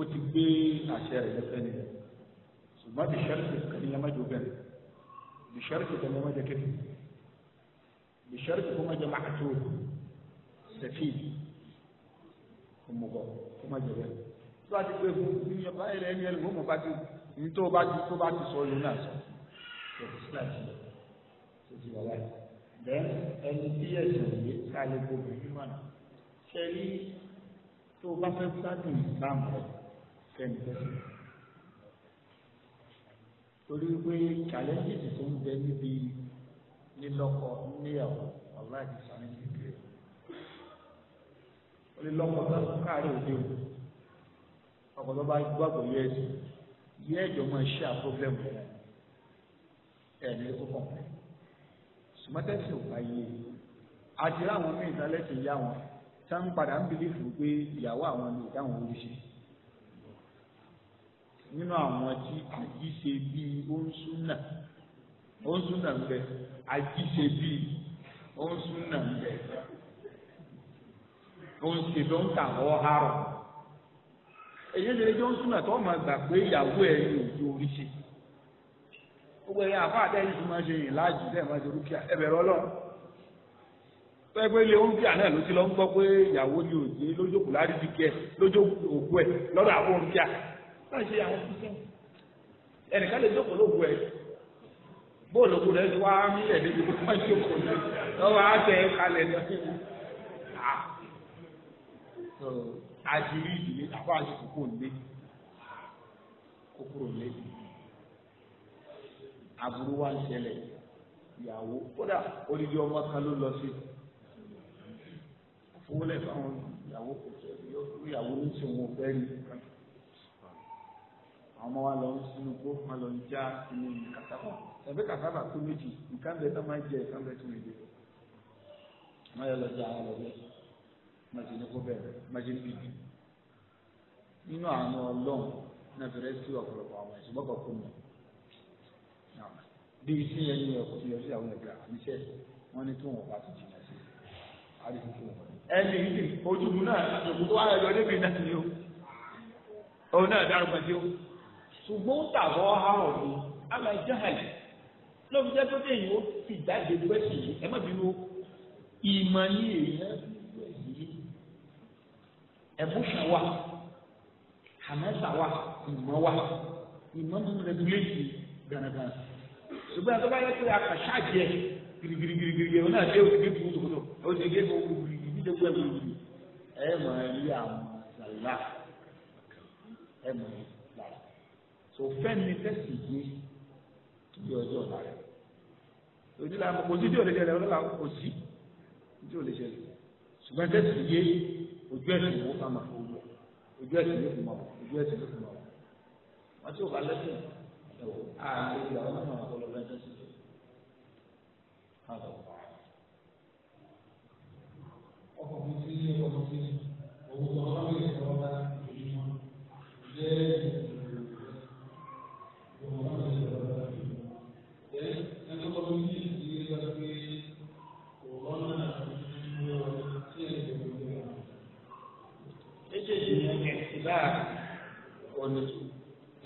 ó ti gbé àṣẹ rẹ̀ lẹ́sẹ̀ ni ṣùgbọ́n bìṣẹ́rìkì kẹ́niyàn má jò bẹ̀rẹ̀ bìṣẹ́rìkì kẹ́niyàn má jẹ kẹ́kẹ́ bìṣẹ́rìkì kó má jẹ màkàtó sẹ́fì òmùgọ̀ kó má jẹ bẹ́ẹ̀ tó bá ti gbé fún ní ọba ẹ̀rẹ́ ẹni ẹni mọ̀ bá ti ní tó bá ti tó bá ti sọ lónà sọ tòkì síláàtì tòkì wà láì bẹ́ẹ̀ ẹni tí ẹ̀sìn òye ká lè gbóbi mímọ́nà ṣẹ́rí tó bá fẹ́ gbádùn ìbámu rẹ̀ kẹ́nìkẹ́sì torí pé challenges tó ń bẹ níbi lílọ́kọ níyàwó ọ̀la ti sọ ní ìdílé o lè lọ́kọ tó káàárẹ̀ òde o ọkọ̀ tó bá gbàgbọ́ yẹ ẹ̀sìn yẹ ẹ̀jọ̀ máa ṣe àpọ́blẹ̀mù fún ẹ̀ ní kó kàn pẹ́ sùmọ́tẹ́sì ò bá yé àti láwọn míì ìdálẹ́sìn yá wọn tá ń padà ń bilífù pé ìyàwó àwọn ni ìdáhùn oríṣiríṣi nínú àwọn tí àjíṣe bíi oúnṣúnà oúnṣúnà ń bẹ àjíṣe bíi oúnṣúnà ń bẹ oúnṣe ló ń kà ọ́ àrọ̀ èyí lè jẹ́ oúnṣúnà tó máa gbà pé ìyàwó ẹ̀ ní òjò oríṣi gbogbo ẹ̀yà àfa àtẹ́yìn tó máa ṣe yìn láàjù bẹ́ẹ̀ máa ṣe rúkìá ẹ̀bẹ̀ rọ́ lọ́rùn pẹ́ẹ́pẹ́ ilé oúnjẹ àná ló ti lọ ń gbọ́ pé ìyàwó ni òjò lójókòó lárí ti kẹ́ lójókòó òkú ẹ̀ lọ́dọ̀ àwọn oúnjẹ
láì ṣe àwọn kristian
ẹnìkan lè jókòó lóògùn ẹ bóòlù òkú rẹ ti wá mílẹ̀ níbi tó máa ń jókòó ní lọ́wọ́ á tẹ kalẹ̀ náà àdìrí ìdílé àbá àti kókó lé kókó lé aburú wa ń ṣẹlẹ̀ ìyàwó kódà odidi ọmọ kan ló lọ sí
fúnlẹ̀ fáwọn
ìyàwó kò sẹ́yìn ìyàwó ní sèwọ̀n fẹ́ẹ́ ní kankan àwọn ọmọ wa lọ ń sinú kó wọn lọ ń já inú kàtàkọ tàbí kàtàkọ tó méjì nǹkan bẹ tó máa jẹ nǹkan bẹ tó lè dé wọn yọ lọ já wọn lọ bẹ màjìní kó bẹ̀rẹ̀ màjìní bìbí nínú àwọn Ọlọ́run náà fẹrẹ sí ọ̀pọ̀lọpọ̀ àwọn ẹsùn bọkọ fún mi bí iṣẹ́ yẹn ní ọkọ yọ sí àwọn ẹgbẹ́ àníṣe wọn ní tó wọn bá ti jìnnà sí àdìsí tó wọn. ẹni ìdí ojúmu náà àtòkù tó wà lọ débi náà ni ó òun náà dárúkọ sí ó ṣùgbọ́n tàbọ̀ ahọ́n mi àmà jahali lọ́bi jẹ́ tó déyìn ó fi jáde lu ẹ̀sìn yìí ẹ má bínú ìmọ̀ ní èèyàn lu ẹ̀sìn yìí ẹ̀múṣà wà hàmẹ́sà wà ìmọ̀ wà ìmọ̀ mú rẹ́gúlétì gánagán ṣùgbọ́n àti báyọ̀ pé àkàṣà jẹ girigirigirigiri ẹ̀ náà dé òkè tó tó ó ti gé gbogbo girigirigiri tó gbẹ gbogbo ẹ̀ máa rí àwọn ṣàlá ẹ̀ máa rí tó fẹ́ni tẹ̀sí yé bí ọjọ́ ọ̀la rẹ̀ òjìlá kò sí tí ò lè ṣẹlẹ̀ ọlọ́la kò sí tí ò lè ṣẹlẹ̀ ṣùgbọ́n tẹ̀sí yé ojú ẹ̀sìn wo ká máa fowó wọ̀ ojú ẹ̀sìn ló fi mọ̀ ojú ẹ̀sìn ló fi mọ̀ wọ́n tí ò bá lẹ́sìn ẹ̀wọ̀ ààrẹ ìgbà wọn náà kọ́ lọ́ọ́ lẹ́sìn sí i.
ọkọ̀ mi ti ọkọ̀ mi ti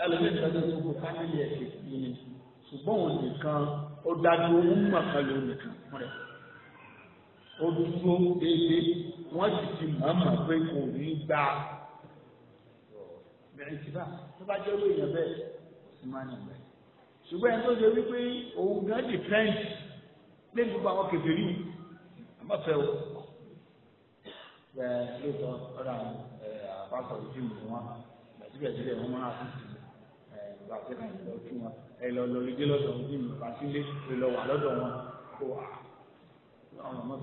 ẹlòmí ìtọ́jú tó kù fámìlì ẹ̀ ṣe kí ni ṣùgbọ́n òun nìkan ó dájú ó mú àkàlò nìkan fún rẹ̀ ó dúró déédé wọ́n sì ti màmá pé kò ní gbà bẹ̀rẹ̀ sí bá tó bá jẹ́ wéèyàn bẹ́ẹ̀ kò sí máa nà bẹ́ẹ̀ ṣùgbọ́n ẹni tó ṣe wípé òun gan dìpẹ́ǹtì lé gbogbo àwọn kèfèrí àmọ́fẹ́ o ẹ lóòótọ́ ọ̀rọ̀ àwọn àpapọ̀ ìdí mọ̀ wọn síbẹ̀síbẹ̀ wọn máa ń ọ̀gá náà lọ fún wọn ẹ lọ lọ lè dé wọn bí mi sílé lè lọ wà lọ́dọ̀ wọn kó wà àwọn ọmọ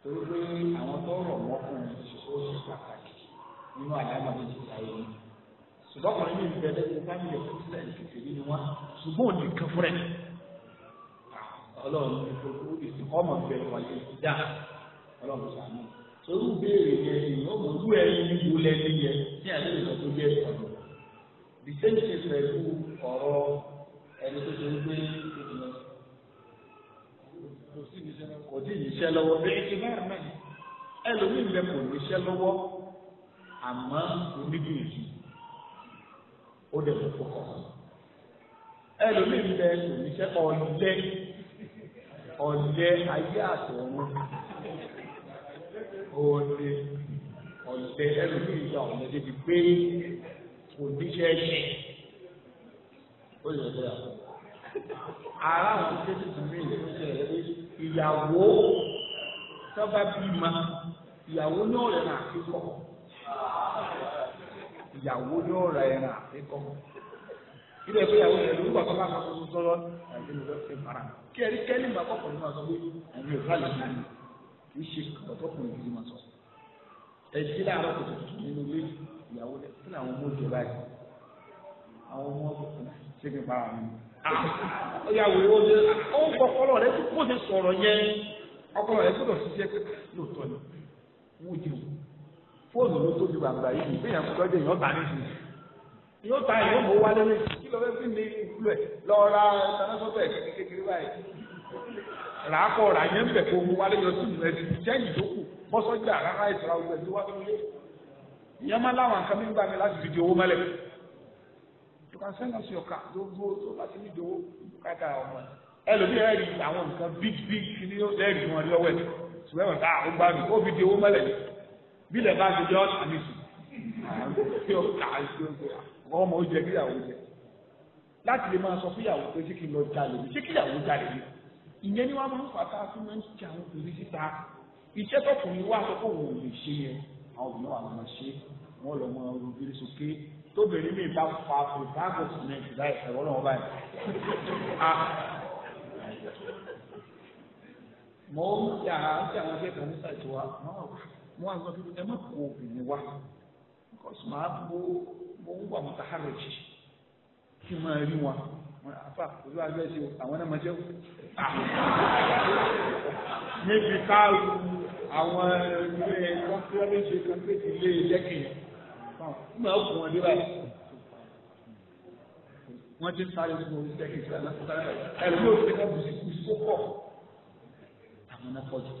sọ torí pé àwọn tó rọ̀ mọ́kùnrin ó ṣe pàtàkì nínú àyàmọ̀ ní ìgbà yìí ṣùgbọ́n ọkùnrin mi bẹ̀rẹ̀ ní sáyẹn ìyẹn fún sílẹ̀ ìfèsè nínú wọn ṣùgbọ́n òní kan fúnra ẹ̀ ọlọ́run ìsìn ọmọ bẹ̀rẹ̀ wà lè dá ọlọ́run sàánú torí béèrè yẹn ìyẹn séṣe pẹ̀lú ọ̀rọ̀ ẹni tó ṣe ń gbé ìdùnnú.
kò tí ì níṣẹ́ lọ́wọ́ bẹ́ẹ̀ ti bá
rẹ̀ ẹlòmíì bẹ kò níṣẹ́ lọ́wọ́ àmọ́ onígbìyànjú ó dẹ̀ mú kókó. ẹlòmíì bẹ kò níṣẹ́ ọ̀lẹ́ ọ̀lẹ́ ayé àtọ̀run ọ̀lẹ́ ọ̀lẹ́ ẹlòmíì gba ọ̀lẹ́ débi pé kò díṣẹ́ ẹ̀ṣẹ̀ ó yẹ kí ara àwọn tó ti tún mí lè ṣe ìyàwó sábà bímọ ìyàwó ní ọ̀rẹ́ náà
kíkọ́ ìyàwó ní ọ̀rẹ́ náà kíkọ́ ilé ẹgbẹ́ ìyàwó yẹn lórúkọ tó bá kọ́ tó sọ́rọ́
àti ìlú ẹ̀ fara kí ẹ̀rí kẹ́lí máa kọ́kọ́ ní ma sọ pé ẹ̀mí ò fàlẹ̀ náà ni kì í ṣe ọ̀tọ̀ kùnrin kì í ma sọ ẹ̀jí láàárọ̀ kò tó tutù nínú ilé yìí ìyàwó rẹ̀ kí làwọn ọmọ òjò báyìí àwọn ọmọ ṣé kí n para mi. ìyàwó yóò dé ó ń kọ́ kọ́lọ̀ rẹ̀ kó ṣe sọ̀rọ̀ yẹn ọkọ rẹ̀ gbọ́dọ̀ ṣiṣẹ́ pé lóòótọ́ ni wúdi o fóònù ló tóbi bàbá yìí ìgbéyàn kọ́jọ́ yìí ọ̀tá nìyí yóò ta ìyóò mọ̀ wálé ní kí lọ́wọ́ fi mi ìlú ẹ̀ lọ́ọ́ ra ìtànásọ́tọ̀ kékeré báyìí ràákọ̀ ràyẹ̀ńbẹ̀ kó wálé yọ sí ìlú ẹ̀ sẹ́yìn tó kù bọ́sọ́jà rárá ìtura ọgbẹ́ tí wàá tó lé ìyẹn máa láwọn nǹkan mi ń gbà mí láti fi di owó mọ́lẹ̀ you can send us your car gbogbo tó bá ti ní di owó káàkiri àwọn ọmọ ẹlòmíì rẹ̀ rí àwọn nǹkan big big ní lẹ́ẹ̀rí wọn lọ́wọ́ ẹ̀ ṣùgbọ́n wọn ká ó gbà mí ó fi di owó mọ́lẹ̀ bí lẹ̀ bá ti yọ ọ́ àmì sùn ọmọ oúnjẹ kíyàwó jẹ láti lè máa sọ fúyàwó pé ṣé kí n lọ jalè ṣé kíyàwó jalè ni ìyẹn ni wọn máa ń fà tá a fún máa ń ṣe àwọn obìnrin síta iṣẹ́ tọkùnrin wà sọ pé òun ò àwọn obìnrin wà máa ṣe wọ́n lọ mọ ọrùn gírí sókè tóbìnrin mi bá fa kò bá kò sí náà ìgbà ìṣẹ̀wọ́ náà báyìí. Ah. mo ń ti àwọn àti àwọn akẹ́kọ̀ọ́ nípa ètò wa wọ́n àwọn ọ̀gbìn ẹ má kó obìnrin wa because màá bó mo ń wà mọ́tà hàrẹ̀jì kí n máa rí wọn afa ojú àjọ ẹsẹ àwọn náà máa jẹ́ ah. níbi ká lu àwọn ilé kọ́ńtírẹ́lẹ́sì kọ́ńtírẹ́sì ilé lẹ́kìnyẹn wọ́n máa kún wọn níbàyà wọ́n ti sáré fún orí lẹ́kìnyẹn ẹ̀rọ yóò fi ká bùsùkú sókò àwọn afọ́jú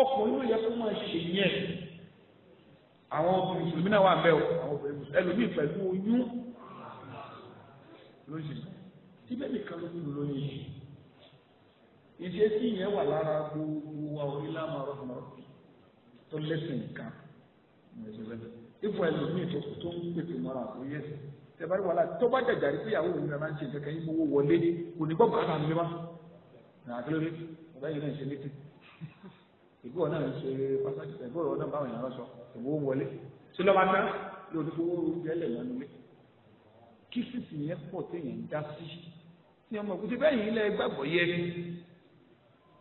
ọkùnrin yóò yẹ kó máa ṣe yẹn àwọn obìnrin mùsùlùmí náà wà ń bẹ̀ o àwọn obìnrin mùsùlùmí ẹlòmíì pẹ̀lú
oyún lóṣìṣẹ́ síbẹ̀
nìkan ló ń lò lóyún ìṣesí yẹn wà lára gbogbo wa orílẹ̀ àmàrà ọ̀nà tó lẹ́sìn nǹkan ìfọ̀ ẹlòmíì tó tó ń pètè mọ́ra àpò yẹsì tẹ̀bá wà láti tó bá jàjàrí pé ìyàwó òun náà ń ṣe kẹ̀kẹ́ yín mowó wọlé kò ní gbọ́ bàtà mi wá àkílórí ọ̀dà yìí náà ń ṣe létí ìgbó ọ̀nà ń ṣe pàtàkì ìgbó ọ̀nà báwọn èèyàn lọ́sọ ìwọ́ wọlé tí lọ́ba tán lórí fowó oúnjẹ lẹ̀ lọ́nu lé kí sísìn yẹn pọ̀ téèyàn dá sí tí ọmọ òkúté bẹ́ẹ̀ yìí lẹ gbàgbọ́ yẹ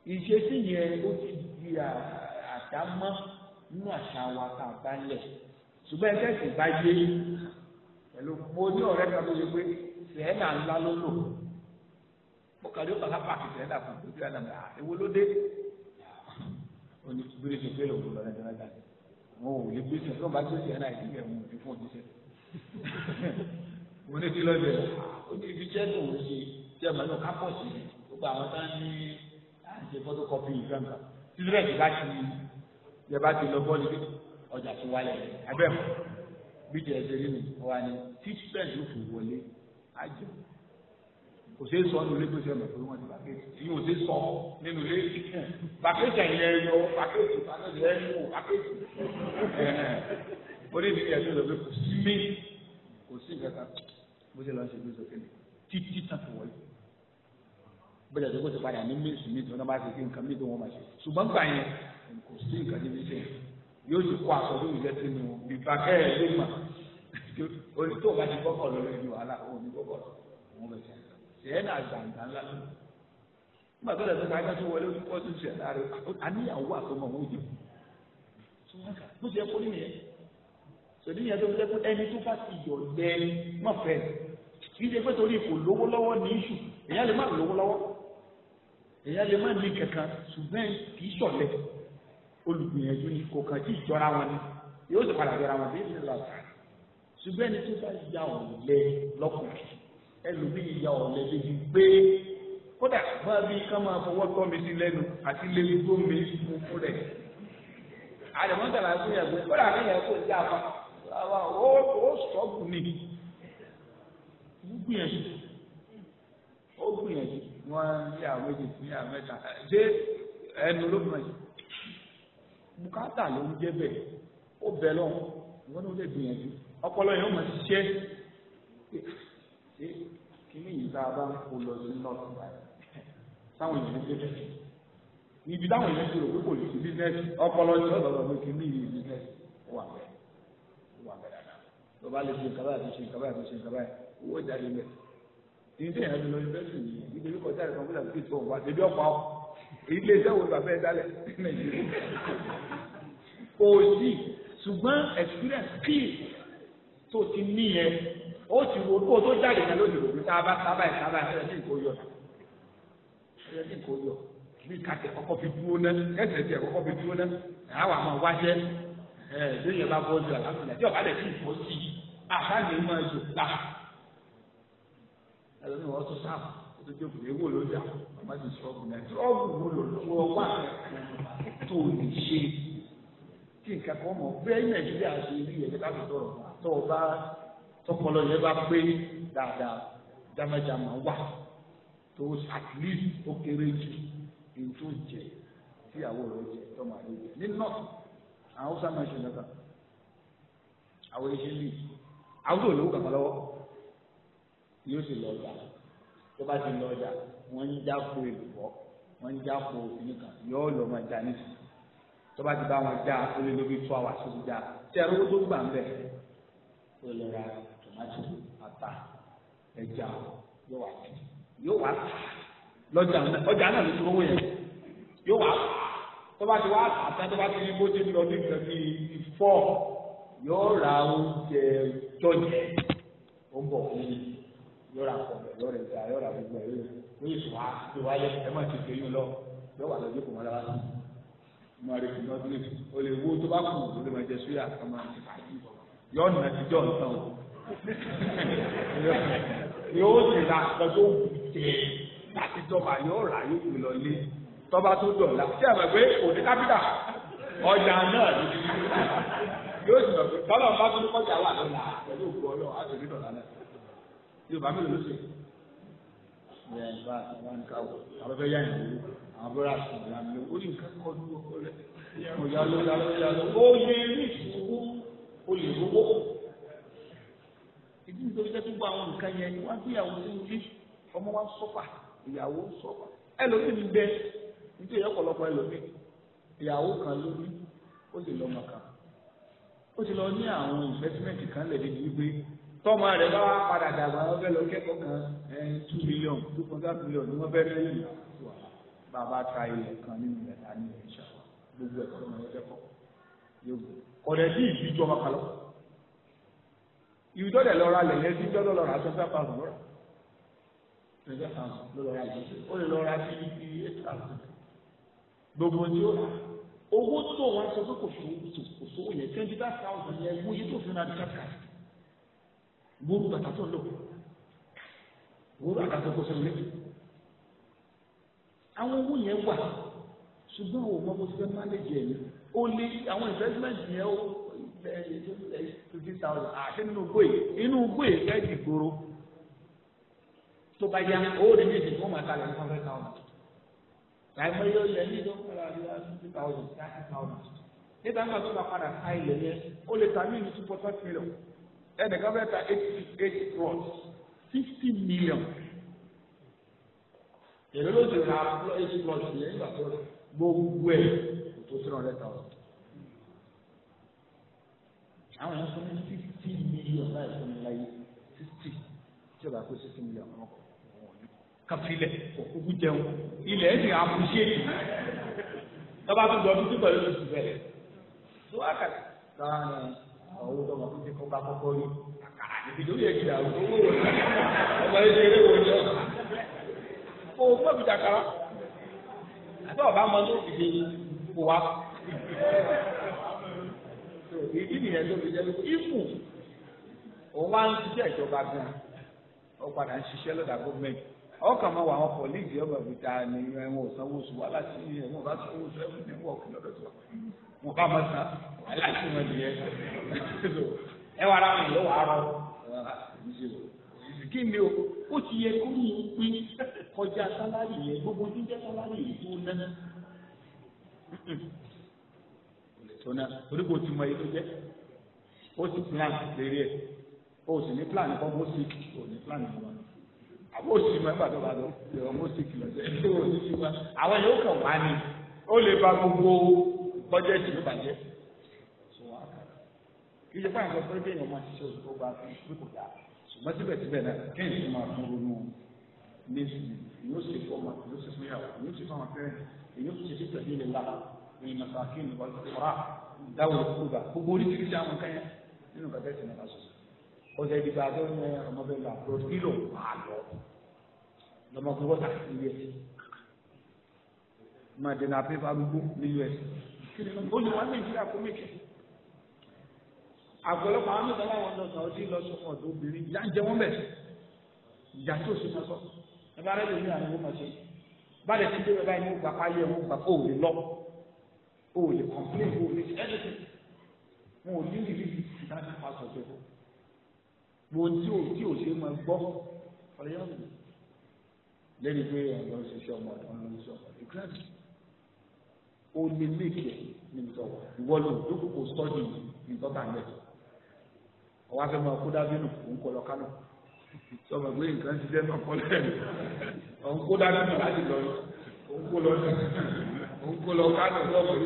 ìṣesí yẹn ó ti di àdámọ́ nínú àṣà wa tá a bá lẹ̀ ṣùgbọ́n ẹgbẹ́ sì bá yé pẹ̀lú mo ní ọ̀rẹ́ kan tó ṣe pé sẹ́ẹ̀nà ńlá ló lò mo kàdé ó kàkà pààkì sẹ́ẹ̀nà fún ojú àná mi àìwó ló dé oní bírí ṣe fẹ́rẹ̀ òkú lọ́dọ̀ dáadáa wọn ò lè gbé sẹ́ẹ̀nà tó bá gbé sẹ́ẹ̀nà ìdílé ẹ̀wọ̀n òfin fún òjíṣẹ́ mo ní kí lọ́dọ̀ ó ti fi jẹ́ tó ń ṣe jẹ́ mọ́nà kápọ̀ sí gbogbo àwọn tá a ní ṣe photocopy nǹkan kan israel bá ti yẹ bá ti lọ bọ́ọ̀lù bí ọjà ti wálẹ̀ abẹ́ mọ́ bí jẹ́ ẹsẹ̀ rí mi wà ní tíṣpẹ̀l ló fi wọlé àjọ kò ṣeé sọ nínú ilé tó ṣe mọ̀ pé wọ́n ti bàkéètì èyí ò ṣeé sọ nínú ilé bàkéètì ẹ̀yìn ẹ̀yọ bàkéètì bàkéètì ẹ̀yìn wò bàkéètì orí mi kẹ́ẹ̀ tó lọ pé kò sí mí kò sí nǹkan kan bó ṣe lọ ṣe ló sọ kéde títí tàbí wọlé bóyá tó kó ti padà ní mílíọ̀nù mi tí bá ti fi nǹkan mílíọ̀nù wọn máa ṣe ṣùgbọ́n gbà yẹn kò sí nǹkan níbi iṣẹ́ yóò ti kó aṣọ lórí rẹ sínú ìfakẹ́ ẹ̀ ló mà orí tó o bá ti kọ́kọ́ lọ lórí wàhálà òun ni kọ́kọ́ òun bẹ̀ ṣe ẹ̀ náà gbàǹgbà ńlá nígbà tó lẹ̀ ká ẹgbẹ́ wọlé ojú kọ́ tó ṣe àníyàwó àtọmọ wọn kà bó ṣe kó nìyẹn torí kò lówó lọ́wọ́ ní iṣu èèyàn lè má lówó lọ́wọ́ èyàn lè má ní kankan ṣùgbọ́n kì í ṣọ̀lẹ olùgbìyànjú ni kò kàn tí ì jọra wọn ni yóò sì padà jọra wọn bí ní lọ́sàn ṣùgbọ́n ẹni tó bá ya ọ̀lẹ lọ́kùnrin ẹlòmíì ya ọ̀lẹ débi pé kódà bá bí ká máa fọwọ́ tọ́ mi sí lẹ́nu àti léwu tó mi fún fún rẹ̀ àdèmọ́tàlá tó yẹ kó kódà kí yẹ kó yá fa ó sọ́ọ̀bù ni ó gbìyànjú ó gbìyànjú wọ́n ní àwọn èjì fún yà mẹ́ta ṣé ẹnu ló mọ̀ yìí bùkátà ló ń jẹ́ bẹ́ẹ̀ ó bẹ̀ lọ́wọ́ wọ́n ló lè gbìyànjú ọpọlọ yìí ó mọ̀ ṣiṣẹ́ ṣé kíní yìí tá a bá ń kó lọ sí nọ́ọ̀tù báyìí táwọn èèyàn ń gbé bẹ́ẹ̀ níbi táwọn èèyàn ti rò pé kò lè ṣe bísíǹnẹ́sì ọpọlọ ti ọ̀dọ̀ pé kíní yìí bísíǹnẹ́sì ó wà bẹ́ẹ̀ ó wà bẹ́ẹ̀ dáadáa tó lè ṣe nǹkan báyìí ṣe nǹkan báyìí ṣe nǹkan báyìí owó ìjáde bẹ́ẹ̀ ní sẹ́yìn àti lọ yunifásitì yìí ibi orí kọjá ìfọ̀n fúlà sí ìfọ̀n wa ṣèbí ọ̀pá ọ̀ ilé iṣẹ́ wo bàbá kò sí ṣùgbọ́n experience skill tó ti ní yẹn ó ti wo kó tó jáde náà lóde òbí tá a bá sábà ẹ̀ sábà ẹ̀ ṣẹ́yìn kò yọ ṣẹ́yìn kò yọ bí kàtẹ́ kọ́kọ́ fi dúró ná ẹsẹ̀ tiẹ̀ kọ́kọ́ fi dúró ná àwọn àmọ́ wájẹ́ ẹ̀ lóyìn bá bọ́ọ̀lù àlàáfíà tí ọ̀bá ẹlòmíì wọ́n tún sáà ó tún jókòó lé wò lórí àwọn màmá ti sọ́ọ̀bù náà sọ́ọ̀bù wò lò lọ́wọ́ wà
tó lè ṣe
kí nǹkan kan mọ̀ bẹ́ẹ̀ nàìjíríà ṣe rí ẹ̀jẹ̀ láti tọrọ tó o bá tọpọlọ yẹn bá pé dáadáa jámájámá wà tó at least ó kéré jù ètò jẹ tíyàwó rẹ jẹ tọmọ àlejò ní north àwọn sábà ń ṣe lọ́ta àwọn èṣẹ́ àwọn tó lè wò yóò sì lọ ọjà tó bá ti lọ ọjà wọ́n ń jáko èlùbọ́ wọ́n ń jáko nìkan yóò lọ ọmọ ìjà nísì
tó bá ti bá wọn já ó
lé lórí two já tí ẹrú tó gbà ń bẹ ó lọ ra tòmátì ata ẹja yóò wà yóò wà lọ́jà ọjà náà ló ti rówó yẹn yóò wà tó bá ti wá àtà tó bá ti rí bó ti lọ ní nǹkan bíi four yóò ra oúnjẹ jọjẹ ó ń bọ̀ fún mi yóò ra kọ̀ọ̀bẹ̀ yóò rẹ̀ ta yóò ra gbogbo ẹ̀ yóò yóò sùn wá tó wáyé ẹ má ti fèyí lọ yóò wà lọ́jọ́ kò mọ́ lára sùn mo rẹ̀ kì í lọ́dún lè o lè wo tó bá kù o lè máa jẹ súyà kọ́ máa ti pàdé yóò nà ti jọ nǹkan o
yóò sì ra tọ́jú
tẹ̀ láti jọba yóò rà yóò fi lọ lé tọ́ba tó dọ̀ la ṣé àgbà pé òní kápítà ọjà náà yóò sì mọ̀ pé yorùbá mélòó ló ṣe. o àwọn fẹ́ yá ìlú àwọn bọ́lá sùn lànà ó ní nǹkan kọ́ dúró kọ́ rẹ̀ ọ̀yà ló yà ló yà ló ó yẹ ní ìṣòwò ó lè rówó. ìdí nítorí tẹ́tí gbọ́ àwọn nǹkan yẹn wá gbéyàwó sínú ilé ọmọ wa ń sọ́fà ìyàwó ń sọ́fà ẹlòmíì ń bẹ nítorí ọ̀pọ̀lọpọ̀ ẹlòmíì ìyàwó kan ló ní ó sì lọ́mọ kan ó ti lọ ní àwọn investment kan lè tọ́mọ rẹ̀ bá padà dàgbà wọ́n fẹ́ lọ kẹ́kọ̀ọ́ kan two million two point five million ni wọ́n fẹ́ fẹ́ yìí bàbá ta ilẹ̀ kan nínú ilẹ̀ ta ní ìṣà gbogbo ẹ̀kọ́ ọmọ yẹn kẹ́kọ̀ọ́ yóò gbé kọ̀dẹ̀ sí ìbí ju ọmọ kan lọ. ìwúdọ́ dẹ̀ lọ́ra lẹ̀ yẹn sí jọ́dọ̀ lọ́ra aṣọ fẹ́ pa lọ́ra ẹgbẹ́ kan ló lọ́ra yìí ó lè lọ́ra sí ibi eight thousand
gbogbo tí ó rà
owó tó wọn sọ pé kò sówó yẹn twenty five thousand yẹn wo bàtà tó ń lò wo bàtà tó kó sínú lé àwọn owó yẹn wà ṣùgbọ́n àwọn ọmọ mo ti fẹ́ mánéjì ẹ̀ ní o lè àwọn investment yẹn o fifty thousand àti nínú inú fẹ́ di gbòòrò tó bá yá owó rẹ̀ fún ní hundred thousand o lè ta ní two point ẹnìkan fẹ́ ta eight eight crores fifty million èrè ló ti ra eight crores yẹn nígbà tó gbogbo ẹ̀ kò tó three hundred thousand àwọn yẹn fún mi fifty million láì fún mi láyé fifty tí o bá kó sixty million ọmọ kọ kàfilẹ̀ òkú jẹun ilẹ̀ ẹ̀ sì àbùṣe tọ́ba tó gbọ́ tuntun pẹ̀lú oṣù bẹ̀rẹ̀ tó wákàtí owó tó wọn fi kó bá kọ́kọ́ rí àkàrà níbi lórí ẹ̀jẹ̀ àwọn owó wọn ọmọ ẹ̀jẹ̀ eré wọn jọ
kó o gbọ́dọ̀ jàkàrà àti ọ̀bá
mọ ní òfìdí kó wa ìdí nìyẹn tó fi jẹ́ ipò òun wá ń ṣiṣẹ́ ìjọba gan-an ó padà ń ṣiṣẹ́ lọ́dà gọ́ọ̀mẹ̀ntì ọkàn máa wà wọn léèjì ọgbà bìtà ni ẹwọn òsanwó oṣù wa láti ẹwọn bá sanwó oṣù ẹwọn ní wọn kìlọ̀ lọ́dọ̀ wọn bá máa san aláṣẹ wọn nìyẹn
ẹ wà ara wọn yóò wà
kí ni o ó ti yẹ kó yín pín kọjá sálárì yẹn gbogbo tí ń jẹ sálárì yìí tó ná tó ná torí kò ti tó jẹ ó sì plan lérí ẹ ó sì ní plan kọ́ bó sì ò ní plan ìwọ̀n àwọn òsì máa ń bàtọ́ bàtọ́ ìwọ̀n mo sì kìlọ̀ sí òsì wa àwọn yóò kàn wá ní ó lè ba gbogbo bọ́jẹ́tì ló bàjẹ́ kì í ṣe fáwọn akẹ́kọ̀ọ́ pé èèyàn máa ṣiṣẹ́ òṣù tó bá fi pé kò dáa ṣùgbọ́n síbẹ̀síbẹ̀ náà kéèyàn tó máa fún ronú ní ìsìn yóò ṣe fún ọmọ yóò ṣe fún ìyàwó yóò ṣe fún àwọn akẹ́rẹ́ yóò ṣe fún ìtẹ̀lé ilé ńlá ní masakin ní wàlúùfọ́ra dáwọ̀ kúrò gbogbo oríṣiríṣi àwọn kẹ́yìn nínú kàtẹ́sì náà lásòsò ọ̀sẹ̀ ìdìbò àti ọ̀nà ọmọbìnrin lọ àpòrò kí ló ń pa lọ lọmọkùnrin wọ́n tàbí ní us máa dènà pépà gbogbo ní us ó ní wọn nàìjíríà kó mèkè àgbọ̀lọpọ̀ àwọn mẹ́ta láwọn ọ̀dọ́ sàn ọdún lọ sọmọ ọ̀dọ́ obìnrin ìyá ń jẹ wọ́n bẹ̀ ìyá tó sì máa sọ ẹ bá rẹ́ lómi àwọn ọmọ ṣe bá lè ti dé bẹ́ẹ̀ ní gbà páyé wọn gbà kó òòlì lọ òòlì kọ̀m̀pléǹ òòlì ẹ̀dẹ̀tẹ̀ wọn ò ní ìrírí ìdájọ́ pásọ̀ tó wo tí o tí o ṣe máa gbọ́ ọ̀rẹ́yàwó lẹ́ni pé ọ̀dọ́ ṣiṣẹ́ ọmọ ọ̀dọ́ ń ṣiṣẹ́ ọmọ ọ̀dọ́ gíláàsì ó lè lékè níbi tó wà ìwọ ló dúkù kò sọ́ọ̀dì nítorí àgbẹ̀ ọwọ́ afẹ́ máa kó dábí nù òun kọ lọ kánò sọmọ pé nǹkan ṣiṣẹ́ náà kọ́ lẹ́nu òun kó dábí nù láti lọ òun kó lọ òun kó lọ kánò lọ́wọ́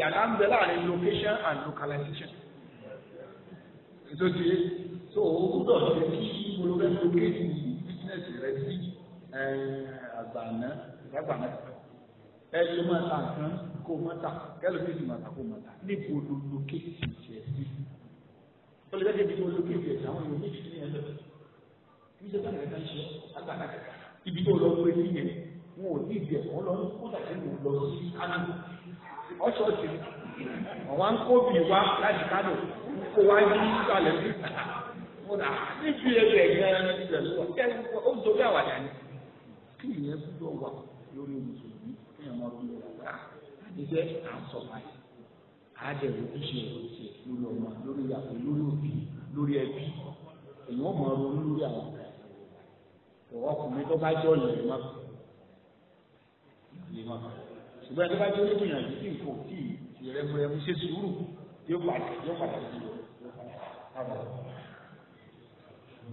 yàrá ń bẹ láàrin location and localization so o gbúdọ̀ jẹ́ kí olùkẹ́kọ̀ọ́ kéèkì
bísínẹ́sì rẹ sí àgbàná
ìgbàgbàná ẹ ló máa ta nǹkan kó máa ta kẹ́lò ní ìsìn máa ta kó máa ta níbo ló lókèétì jẹ sí o lè dẹ́kẹ́ bí mo lókèétì ẹ̀sìn àwọn èèyàn méjì ní ẹ̀lọ́ kí ṣe báyìí ká ṣe àgbàná ibi tó lọ pé sí yẹn wọn ò ní ìdẹ̀ wọn lọ kódà tí mo lọ sí kánò ọ̀ṣọ́ọ̀ṣì wọn ń kó bì wá láti kánò kó wá yí kalẹ̀ sí mo nà níbi ẹ̀rọ ẹ̀ gan ibẹ̀ ló wà kẹ́rin ó ń torí àwàdà ni
kí ìyẹn gbúdọ̀
wà lórí mùsùlùmí kí ẹ̀ máa fi wà wá àdìsẹ́ à ń sọ báyìí àádẹ́ ojúṣe ìrọ̀ṣẹ́ lórí ọmọ lórí ìyàwó lórí òbí lórí ẹbí èèyàn mọ̀ ronú lórí àwọn ọ̀gá
ìwọ ọkùnrin tó bá jọ lè má
lè má ṣùgbọ́n ẹni bá jẹ́ onígbìyànjú tí nǹkan ò tí ì ṣe sùúrù yóò padà yóò padà sí i.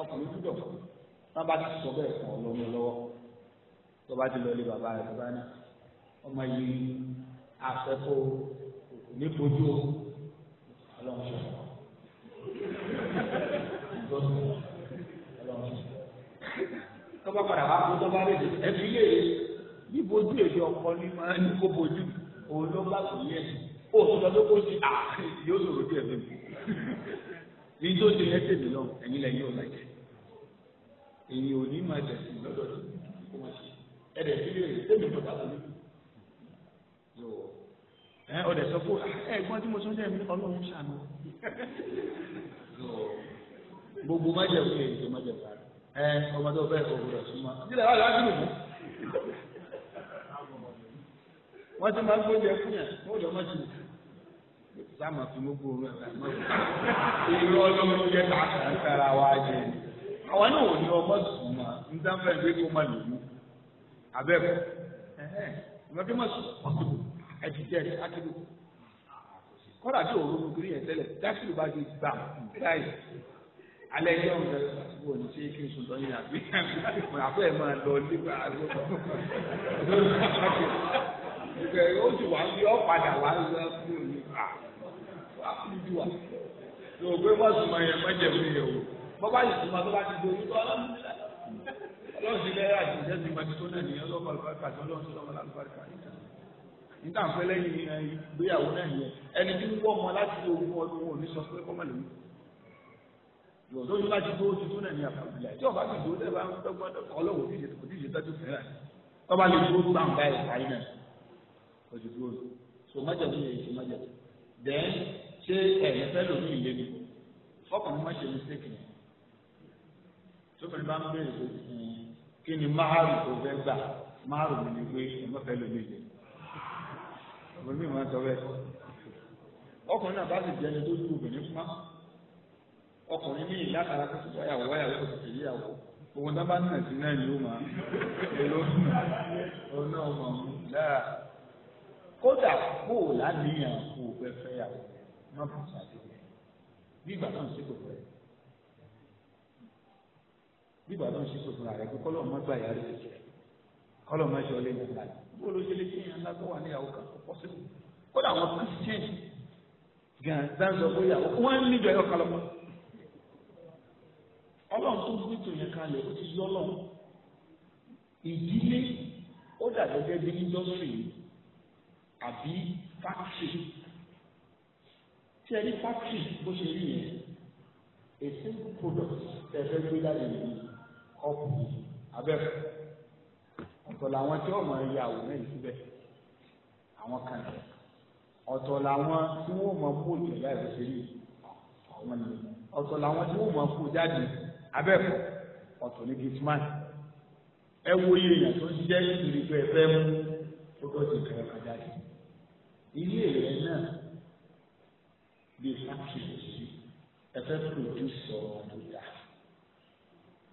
ọkùnrin gbúdọ̀ wọn bá ti sọ bẹ́ẹ̀ fún ọlọ́mọ lọ́wọ́ tó bá ti lọ ilé bàbá rẹ̀ bá ní ọmọ yìí afẹ́fọ́ ní fojú ọlọ́run ṣe
tó bá padà wá fún tó bá rèé ẹ fi lè
e. ní bojú èdè ọkọ ní máa ní kó bojú òun ló bá kò yẹ òun lọ ló kó sí ah, yóò sọ̀rọ̀ díẹ̀ mi ní tó di ẹ tèmi lọ ẹ̀yin lẹ yóò lajẹ èyí ò ní máa jẹsí lọ́dọ̀ tó kó máa ṣe ẹ dẹ fi lè tèmi bọ dàbọ mi ẹ ọdẹ sọ fún ah, ẹ gbọ́n tí mo sọ jẹ́ mi ọlọ́run ṣàánú
gbogbo má jẹ fún èyí
tó má jẹ fún ẹ ọmọ tó fẹ́ ọ̀gbọ̀n rẹ̀ súnmọ́ nílẹ̀ wà láti lù mí
wọ́n ti máa ń gbóúnjẹ fún yẹn
wọ́n jọ má jù. sáàmà fi gbogbo rẹ báyìí. irú ọlọ́run jẹ́ tààtàrà wa jẹ. àwọn náà ò ní ọmọ sùn mà ń dáfẹ́ ìwé kó má lò mú. abẹ́kọ̀ ìwádìí má sùn pọ̀tù ẹ̀jìjẹ́ akílù. kọ́dà tí òun ló kiri yẹn tẹ́lẹ̀ dákìlù bá di gbà báyìí. alẹ́ yẹn wọn fẹ́ sọ́kò ní ṣé kí n sùn lọ́yìn àbí máa lọ ó ti akulu bi wa tó o gbé má sùnmọ́ yẹn má jẹ̀ fún yẹn o bọ́ bá yìí sùnmọ́ tó bá ti dorí tó ọlọ́run ti lẹ́yìn àtijọ́ ti máa ti tó náà nìyẹn lọ́kọ̀ àlùbáríkà tí ọlọ́run ti lọ́kọ̀ àlùbáríkà níta níta ń fẹ́ lẹ́yìn ìgbéyàwó náà yẹn ẹni tí wọ́n mọ láti lo ogún ọdún wọn ò ní sọ pé kọ́ mọ̀ lóyún lóyún láti tó oṣù tó náà ní àfàbílẹ̀ tí ọba ti dúró lẹ́bàá ń dọ́gbọ́n ọlọ́wọ́ òdíje òdíje tọ́jú fẹ́ràn tọ́ba lè dúró tó àwọn báyìí báyìí náà oṣù dúró so májàmú yẹn ṣe májàmú then ṣé ẹ̀yin fẹ́ lòmí ìlébi fọkùnrin má ṣe mistake yẹn tóbìnrin bá ń béèrè pé hmm, kí ni máàrù tó fẹ́ gbà máàrù mi ni pé ẹ má fẹ́ lòmí ìlébi ọmọdé mi máa ń sọ bẹ́ẹ̀ ọkùnrin náà bá sì jẹ́ ẹni tó dúró obìnrin fún wa ọkùnrin ní ìlàkàrà kó tó wáyàwó wáyàwó kò sì yíyàwó òun náà bá nà sí náà ni ó máa èlò sùn òun náà mọ̀ kódà kó o láníyàn wọn kà ṣàdéhùn bí ìgbà náà ń ṣe pẹ̀lú rẹ bí ìgbà náà ń ṣe pẹ̀lú rẹ pé kọ́lọ́ ọmọ gbà yàrá ìṣe kọ́lọ́ ọmọ ṣe ọlẹ́ ìgbà bó ló ṣe lé sí ìyàn lágbó wà níyàwó kan tó pọ́sibú kódà àwọn kristian gan dáńsọ pé ìyàwó wọn ń níjọ ẹ̀rọ kalọ́pọ̀ ọlọ́run tó gbé tó yẹn kalẹ̀ ó ti yọ ọlọ́run ìdílé ó dàgbẹ́gẹ́ bí indọ́sírì àbí fáṣítì tí ẹ ní fákìrì bó ṣe rí yẹn
a single product tẹ fẹ́ gbé jáde yìí
kọ́pù abẹ́fọ́ ọ̀tọ̀ làwọn tí wọ́n mọ ẹyà àwòrán yìí síbẹ̀ àwọn kan ọ̀tọ̀ làwọn tí wọ́n mọ kó ìjọba ẹ̀rọ ṣe rí àwọn ni ọ̀tọ̀ làwọn tí wọ́n mọ kó jáde abẹ́fọ́ ọ̀tọ̀ ní gizman ẹ wo iye èèyàn tó ń jẹ́ ìrìnkú ẹ̀fẹ́ mú tó tọ́ ti kẹrẹ́fà jáde ilé rẹ̀ náà gbé fákìlì sí ẹ fẹ́ produce ọ̀rọ̀ tó dà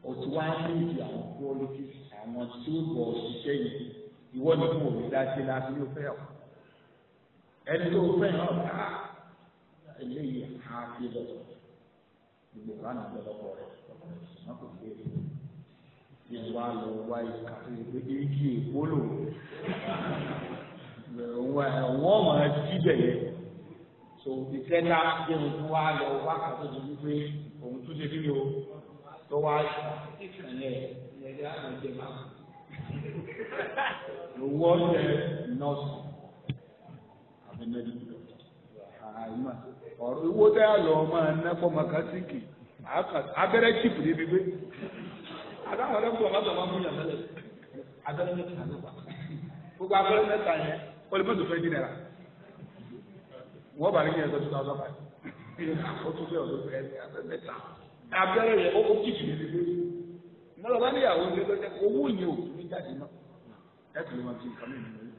o ti wá níbi àwọn qualities àwọn tí ó bọ̀ ṣiṣẹ́ yìí ìwọ ni kò rí dáṣe láti yóò fẹ́ ọ̀
ẹni tó fẹ́ ọ̀ bá
eléyìí á fi lọ gbogbo wa nà lọ́kọ̀ rẹ̀ wọ́n kò gbé e bí wàá lọ wá ìka tó yẹ pé kí èkó lò wọ́n máa jí bẹ̀rẹ̀. so ìtẹ́lá jẹ́ òun wá lọ wá kan ti wípé òun tún ṣe kíni o tó wá ìkànnì ẹ̀ ẹ̀dá ẹ̀jẹ̀ máa
lówó ọ̀sẹ̀ nọ́ọ̀sì
àbí àìmọ̀ ọ̀rọ̀ tẹ́ lọ máa ná fọmọ kásíkì abẹ́rẹ́ chip níbi gbé adáwọn ọlọ́pàá ọmọ àgbà máa fún abẹ́rẹ́ mẹ́ta ló wà gbogbo abẹ́rẹ́ mẹ́ta yẹn fẹ́ dín náírà. wọ́n bá rí yẹn sọ two thousand five ó tún fẹ́ ọ̀dọ́ fẹ́ mẹ́ta abẹ́rẹ́ rẹ̀ ó kìkì lé lé mọ́lá bá níyàwó ní ẹgbẹ́ owó yẹn ò ní jáde náà ẹ kò máa fi nǹkan mìíràn lórí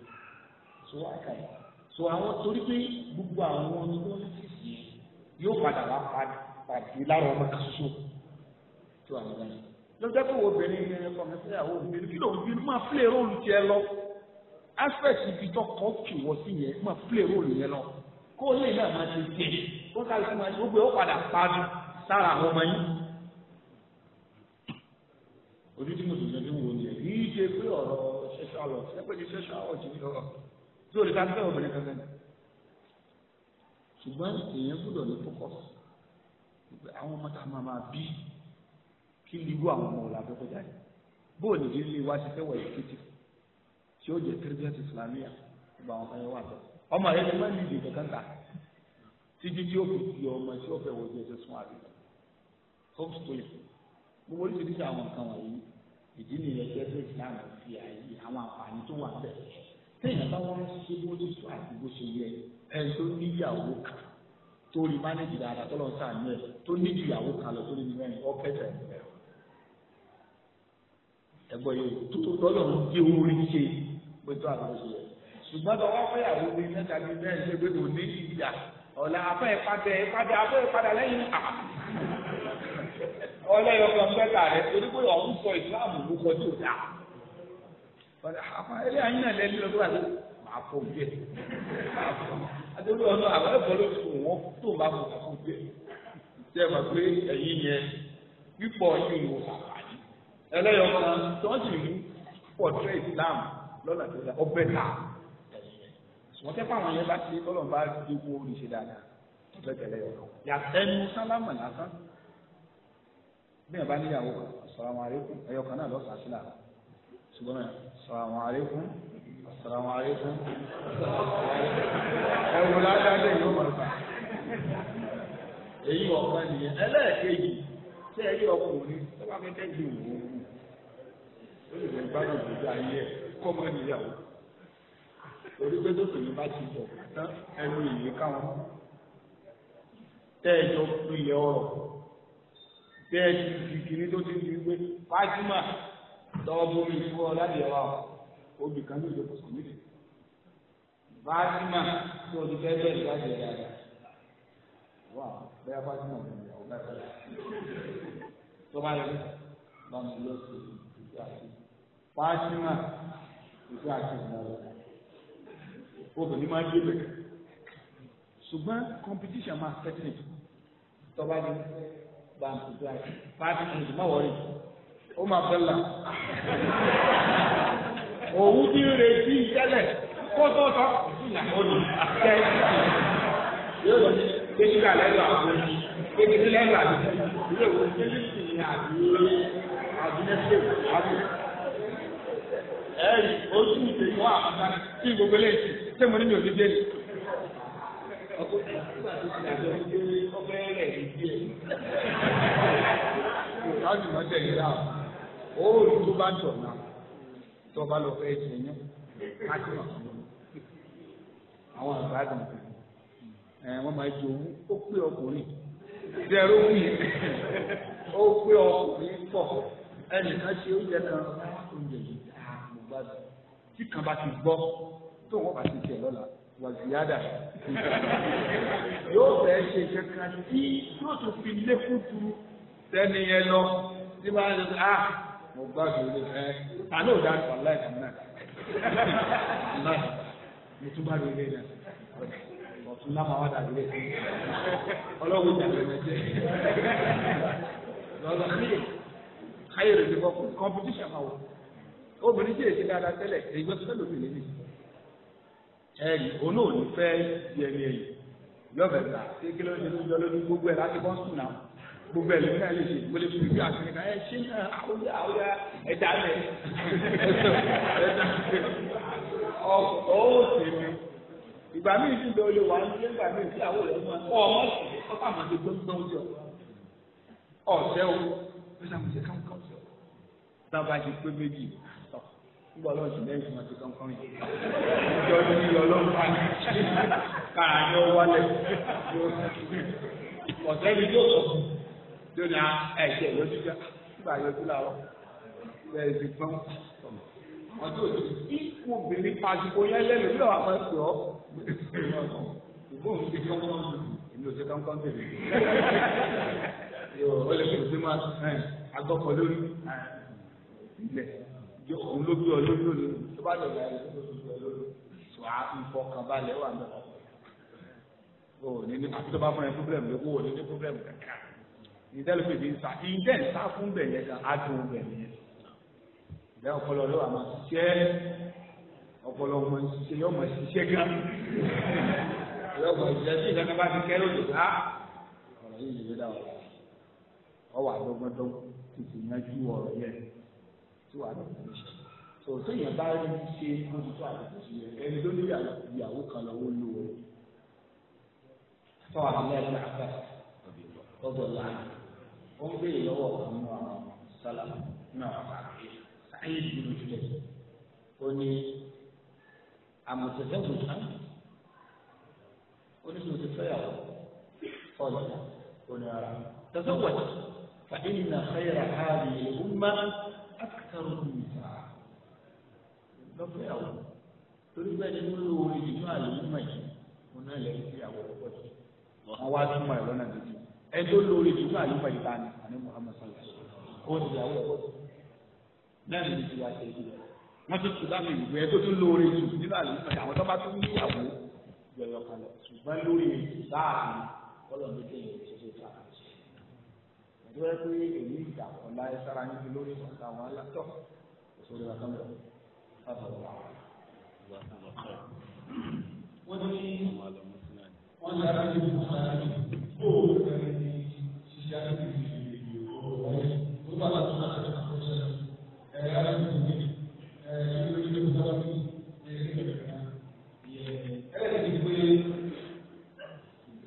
so wá so àwọn torí pé gbogbo àwọn ọmọ tó ń fìsì yóò padà wá padà pàdé lára ọmọ kan ṣoṣo tó àwọn ọmọ yẹn lọ́jọ́ pé obìnrin ní ẹ̀kọ́ mẹ́sàáyàwó obìnrin kí lóun fi máa play role tiẹ̀ lọ aspect ibi tó kọ́ kì wọ́ sí yẹn máa play role yẹn lọ kó lè náà máa ti tiẹ̀ kó kálukú máa ti gbogbo ó padà pàdù sára àwọn ọmọ yín. ojú tí mo sọ̀rọ̀ ní wo ni ẹ̀ yìí ṣe pé ọ̀rọ̀ ṣẹṣẹ́ ọ̀rọ̀ ṣẹ́pẹ́ ti ṣẹṣẹ́ ọ̀rọ̀ ti lọ́rọ̀ tí o lè ká fẹ́ obìnrin kankan ni. ṣùgbọ́n èèyàn gbọ́dọ̀ ní fọ́kọ̀sì pé àwọn ọmọ tá a máa máa bí kí ni irú àwọn ọmọ ọ̀la fẹ́fẹ́ jáde bóò ní ilé wa ti fẹ́ wọ̀ ẹ̀kẹ́tì tí ó jẹ́ tẹ́lifíṣẹ́ ti fìlàmíà gbogbo ọmọ rẹ ti máa ń dìde kankan ta títí tí ó fi di ọmọ tí ó fẹ́ wọ ojú ẹsẹ̀ sún àbí hope story gbogbo oríṣiríṣi àwọn nǹkan wọ̀nyí ìdí nìyẹn jẹ́ pé Islam fi àyè àwọn àǹfààní tó wà bẹ́ẹ̀ téèyàn bá wọn ṣe bó ti sọ àti ṣe yẹ ẹni tó níyàwó kan tó rí mánéjì dáadáa tó lọ sàánú ẹ tó níjú ìyàwó kan lọ tó ní mẹ́rin ọkẹ tẹ ẹgbọn yìí tó ṣùgbọ́n bá wá fẹ́yàwó bíi mẹ́ta bíi mẹ́rin ṣe pé kò ní ìyà ọ̀la afẹ́ ìpadà ìpadà afẹ́ ìpadà lẹ́yìn
àpá ọlẹ́yọ̀ kan bẹ́ta rẹ̀ torí pé ọ̀hún
sọ ìsìláàmù ló kọ tí ò dáa àpá ilé náà lẹ́nu lọ́dún àti màá fọ òbí ẹ̀ adébó ọ̀nà àwọn ẹ̀fọ́ ló fi wọ́n tó bá fọ òbí ẹ̀ tẹ́ ẹ mọ̀ pé ẹ̀yìn yẹn pípọ̀ yìí ló sàkàyè ẹlẹ́yọ̀ ìsìláàmù lọ́nà tó dáa ọbẹ̀ dáa wọ́n tẹ́ pàwọn yẹn bá ṣe tọ́lọ̀ bá ṣe kó orí ṣe dáadáa lẹ́tẹ̀lẹ́ ọ̀rọ̀ yàtẹ́nu sálámà lásán bí ẹ̀ bá níyàwó assalamu alaikum ẹ̀yọ̀ kan náà lọ́sàá sílà ṣùgbọ́n assalamu alaikum assalamu alaikum ẹ̀wò ládàájẹ́ yóò mọ̀ nípa èyí ọ̀pọ̀ ènìyàn ẹlẹ́ẹ̀kejì tí ẹ̀yí ọkùnrin tó bá fẹ́ tẹ́jú òun ó lè fẹ́ gbádùn ayé ẹ̀ kọ́mọ níyàwó torí tó tòyìn bá ti bọ̀ ẹnu ìyè káwọn tẹ́ ẹ jọ lu ilẹ̀ ọ̀rọ̀ tẹ́ ẹ ti fi kiri tó ti di pé fájúmà lọ́wọ́ bomi fún ọ láti ẹ̀wà obì kan ní ìjọba sọ̀rọ̀ nídìí fájúmà
tó o ti fẹ́ bẹ́ẹ̀ láti ẹ̀yà rẹ̀
wà bẹ́ẹ̀ fájúmà ò ìyàwó bẹ́ẹ̀ bẹ́ẹ̀ tó bá yẹ bá mi lọ sí ìgbésí àti fájúmà ìgbésí àti ìgbésí àti obìnrin máa ń gbé bẹ̀rẹ̀ ṣùgbọ́n competition máa tẹ́tí tọ́ba ni bá a tó àyè pàtó ní ìmọ̀ wọlé ó máa fẹ́ là òun ti retí tẹ́lẹ̀ kó tó tọ́ ìyàwó tẹ́ yóò lọ sí kéjìká lẹ́nu àgbo kéjìká lẹ́nu àgbo ilé ìwé kéjìká ní àgbélé àgbélẹ́sẹ̀ àgbo
ẹ̀yìn ojú ìdè wọn àkàtà tí gbogbo eléyìí
ṣé mo ní ní béèrè.
ọkùnrin nígbà tó tẹ̀lé rà
ó rí tó bá jọ̀ náà tó bá lọ fẹ́ ṣe yín láti mọ̀ àwọn àgbà kan wọ́n máa jowú ó pé ọkùnrin dẹ̀rọ wù yìí ó pé ọkùnrin pọ̀ ẹnìkan ṣe oúnjẹ kan oúnjẹ yìí dáa ah, mo tí kan bá ti gbọ́ tó wọn bá ti tiẹ̀ lọ́la wà ziyada yóò fẹ́ ṣe kankan tí yóò tún fi lékún tu sẹ́ni yẹn lọ tí wọ́n á lọ ah mo gbàgbé olè ẹ àná ò dáa fà láì fún náà náà mo tún bá lóore náà ọ̀tún lámà wà dàbí lé ọlọ́wọ́ ìjàgbé náà jẹ́ lọ́lọ́ káyè káyè rẹ̀ ti kọ́ competition máa wọ̀ obìnrin tí èsì dáadáa tẹ́lẹ̀ èyí gbọ́dọ̀ lómi nìyí
ẹ̀rì òun náà ò ní
fẹ́ di ẹni ẹ̀yìn yọ̀bẹ̀ gbà ṣé kí ló ń ṣe jọ lórí gbogbo ẹ̀ láti bọ́ńsù náà gbogbo ẹ̀ lórí náà lè ṣe mo lè fi ìgbé àti nìkan ẹ ṣé náà àwòyá àwòyá ẹ̀dá rẹ̀ ọ̀pọ̀ ó sì ni ìgbà míì sì lọ lè wà nílé ìgbà míì sí àwọn ọ̀rẹ́ wọn kọ́ ọmọ sí ọkọ̀ àmọ́ ti gbọ́ngbọ́n jọ ọ̀sẹ̀ o ló ṣàmùsẹ̀ nígbà ọlọ́run sì lẹ́yìn fún ọtí kankan yìí ìjọ ní ilé ọlọ́run bá ní kára ní ọwọ́ alẹ́ ọ̀sẹ̀ ni yóò sọ fún yóò ní ẹ̀jẹ̀ lójú ká nígbà yọjú làwọn bẹ́ẹ̀ ti gbọ́n
wọn tó ti kú obìnrin pàṣípò yẹn lẹ́nu bí wàá máa ń pè
ìgbóhùn ti kankan èmi ò ti kankan tèmi yóò ó lè pèsè máa agbọ́kọ̀ lórí ilẹ̀ òun ló bí ọ lórí òní tó bá lọ láyé tó bí ọ lórí tó a ìfọkànbalẹ̀ wà lọ. o ní ní tó bá fún ẹ pírọ́blẹ̀mù lé o ní ní pírọ́blẹ̀mù kankan ìdẹ́lùfẹ́ fi ń sa ìdẹ́ ń sá fún bẹ̀yẹ kan á dùn bẹ̀yẹ ìdẹ́ ọpọlọ ló wà máa ṣiṣẹ́ ọpọlọ ọmọ ṣiṣẹ́ yọ ọmọ ṣiṣẹ́ gan ìdẹ́ ọpọlọ ṣiṣẹ́ sí ìdáná bá ti kẹ́ lóde ọ̀rọ̀ yìí lè ọ̀rọ̀ ọwọ́ àdọ́gbọ́dọ́ tí wàá lọ fún iṣẹ́ tó téèyàn bá rí ṣe lójú tó àdìgbò sí ẹni ló ní ìyàwó kan lọ́wọ́ ló wọ
fọwọ́ àlẹ́ àgbà ọ̀dọ̀ lánàá
ó ń béèrè lọ́wọ́ kan nínú àwọn sálàmù náà àgbà sáyé ìdílé ìdílé ó ní àmọ̀tẹ́tẹ́ gbòòtán ó ní sọ ti fẹ́yàwó ọ̀dọ̀ ó ní ara tẹ́tẹ́ wọ̀tí fa inna khayra hadhihi al
akitaro nìta
lọ́fẹ̀ẹ́ àwọn torí pé ẹni tó lówó orí nínú àlùmọ̀ yìí wọn náà lè fi àwọn ọkọ sí wọn wá túmọ̀ ẹ̀ lọ́nà tuntun ẹni tó lówó orí nínú àlùmọ̀ yìí tani àní Muhammad sallà ó ti àwọn ọkọ sí náà ní ti wá ṣe ìlú wọn tún tún láti ìwé ẹ tó tún lówó orí jù nínú àlùmọ̀ yìí àwọn tó bá tún níyàwó yọyọ kalẹ̀ ṣùgbọ́n lórí ìsáàbì kọ́lọ̀ méjèèjì ti ṣe sáà tó yẹ pé èmi ìjà ọ̀la ẹ sára yín lórí ọ̀tá wọn látọ̀ ìṣòro ìwà kánbọ̀
sábà wà. wọ́n ní wọ́n ní ara ní ìlú sára ní kó o fẹ́rẹ̀ ní ṣíṣe àti ìlú ọ̀rọ̀ tó bá wà tó láti ṣàkóso ṣẹlẹ̀ ẹ̀rọ ara ní ìlú ẹ̀rọ ìlú ìlú ìlú sára ní ìlú ìlú ẹ̀rọ ìlú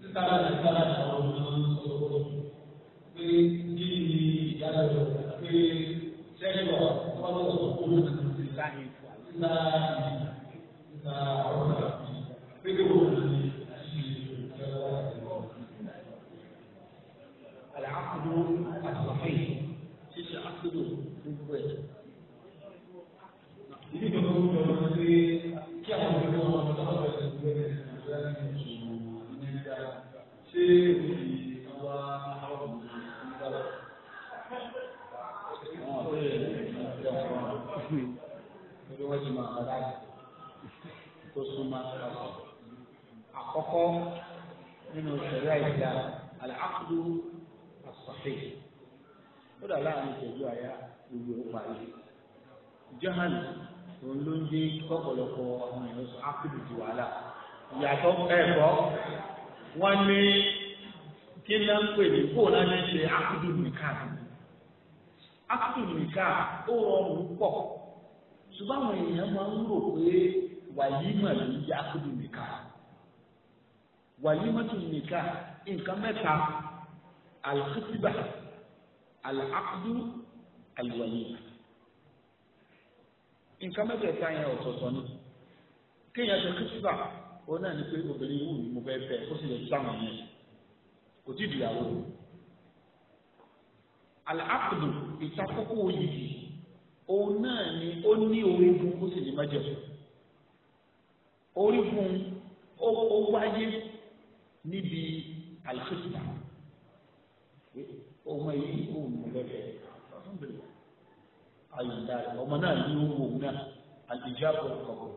pé sára ní sára ní àwọn. Saya juga, kalau sepuluh kita kita kita jahal òun ló ń dé kọ́pọ̀lọpọ̀ àwọn èèyàn sọ ákìlù di wàhálà ìyàtọ̀ ẹ̀kọ́ wọ́n ní kí ni wọ́n ń pè ní kó náà ní ṣe ákìlù nìkan ákìlù nìkan ó rọrùn pọ̀ ṣùgbọ́n àwọn èèyàn máa ń rò pé wàlímà ló ń jẹ́ ákìlù nìkan wàlímà tún nìkan nǹkan mẹ́ta alkhitiba alakudu alwalima nǹkan mẹ́tẹ̀ẹ̀ta yẹn ọ̀tọ̀ọ̀tọ̀ ni kéèyàn ṣe kíṣùbà òun náà ni pé obìnrin wù mí mo fẹ́ fẹ́ ó sì lè sáwọn yẹn kò tí ì dìyàwó àlàáfùdù ìtakókò òyìnbí òun náà ni ó ní orígun ó sì ní májẹ̀mú orígun ó wáyé níbi àlùfẹ́sìtà ọmọ yìí òun mo fẹ́ fẹ́ bẹ̀rẹ̀ ayé ìyá rẹ̀ ọmọ náà ní owó náà àtijọ́ àkọ́kọ́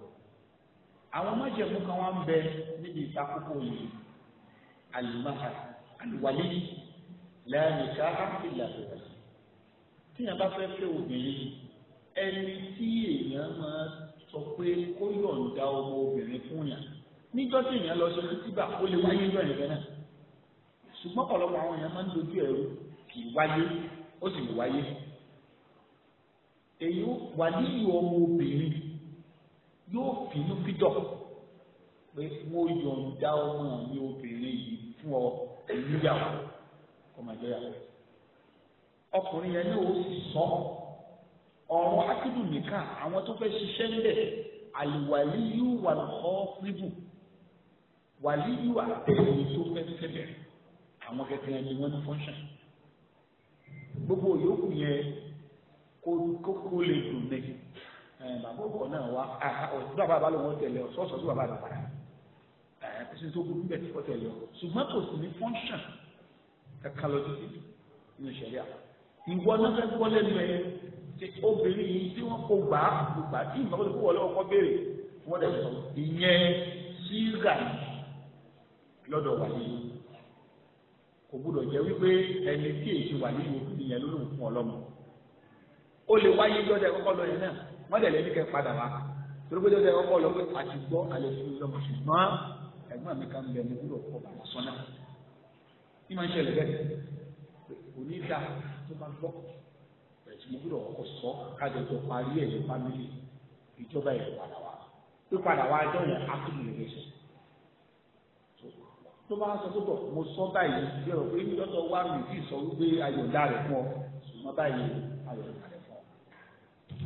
àwọn májẹ̀mú kan wá ń bẹ níbi ìtakókò yìí alimahar aliwali lẹ́yìnká ìlànà tí yẹn bá fẹ́ fẹ́ obìnrin ẹni tí èèyàn máa sọ pé kó yọ̀ǹda ọmọ obìnrin fún yàn níjọ́ tí èèyàn lọ sí kútìbà ó lè wáyé ní ọ̀yìn gánà ṣùgbọ́n ọ̀pọ̀lọpọ̀ àwọn èèyàn máa ń dojú ẹ̀rú kì í wáyé ó sì lè wáyé èyí wàlíyù ọmọ obìnrin yóò fínú fídọ̀ pé mo yọ̀ǹda ọmọ mi obìnrin yìí fún ọ ìníyàwó ọmọdéyàwó ọkùnrin yẹn náà ó sì sọ ọ̀rọ̀ akídùn nìkan àwọn tó fẹ́ ṣiṣẹ́ ńbẹ̀ àlùwàlíyù wà lọ́ọ́ fíbù wàlíyù àtẹ̀yìn tó fẹ́ fẹ́bẹ̀rẹ̀ àwọn kẹ̀kẹ́ ni wọ́n ní fọ́nṣàn gbogbo yòókù yẹn kókó lè dùn ní bàbá ọkọ náà wá ọ̀dọ́ bàbá ló wọ́n tẹ̀lé ọ sọ́ọ̀sọ́ sí bàbá rẹ̀ padà kò sí tó burú bẹ́ẹ̀ ọ tẹ̀lé ọ ṣùgbọ́n kò sí ní fọ́nṣàn kankan lọ títí nínú ìṣẹ̀lẹ̀ à ìwọ náà fẹ́ gbọ́ lẹ́nu ẹ̀ ṣe obìnrin yìí tí wọ́n kó gbà á kó gbà á tí ìgbà wọlé kó wọlé ọkọ béèrè wọ́n dẹ̀ sọ ìyẹn sígà lọ́dọ̀ wà yìí kò gbúdọ̀ jẹ́ wípé ẹni tí èyí wà nínú ìyẹn ló lóun fún ọlọ́mọ ó lè wáyé jọ́dẹ kọ́kọ́ lọ náà wọ́n dẹ̀ lẹ́ni kẹ́ padà wá torí pé jọ́dẹ kọ́kọ́ lọ àti gbọ́ alẹ́ fún lọ́mọ ṣùgbọ́n ẹ̀gbọ́n mi kan bẹ̀ ní wúlò kọ́ bàbá sọ́nà
ní máa ń ṣẹlẹ̀ bẹ́ẹ̀
kò ní dà tó bá gbọ́ ẹ̀sìn mi wúlò ọkọ̀ sọ kájọjọ parí ẹ̀ ní fámìlì ìjọba ìlú padà wá pípadà wá jọ yẹn ákùnrin lè ṣe tó bá sọ pé bọ̀ mo sọ báyìí bí ọ̀rọ̀ pé ní lọ́tọ̀ wá mi kì í sọ wípé ayọ̀dá rẹ̀ fún ọ ṣùgbọ́n báyìí ayọ̀dá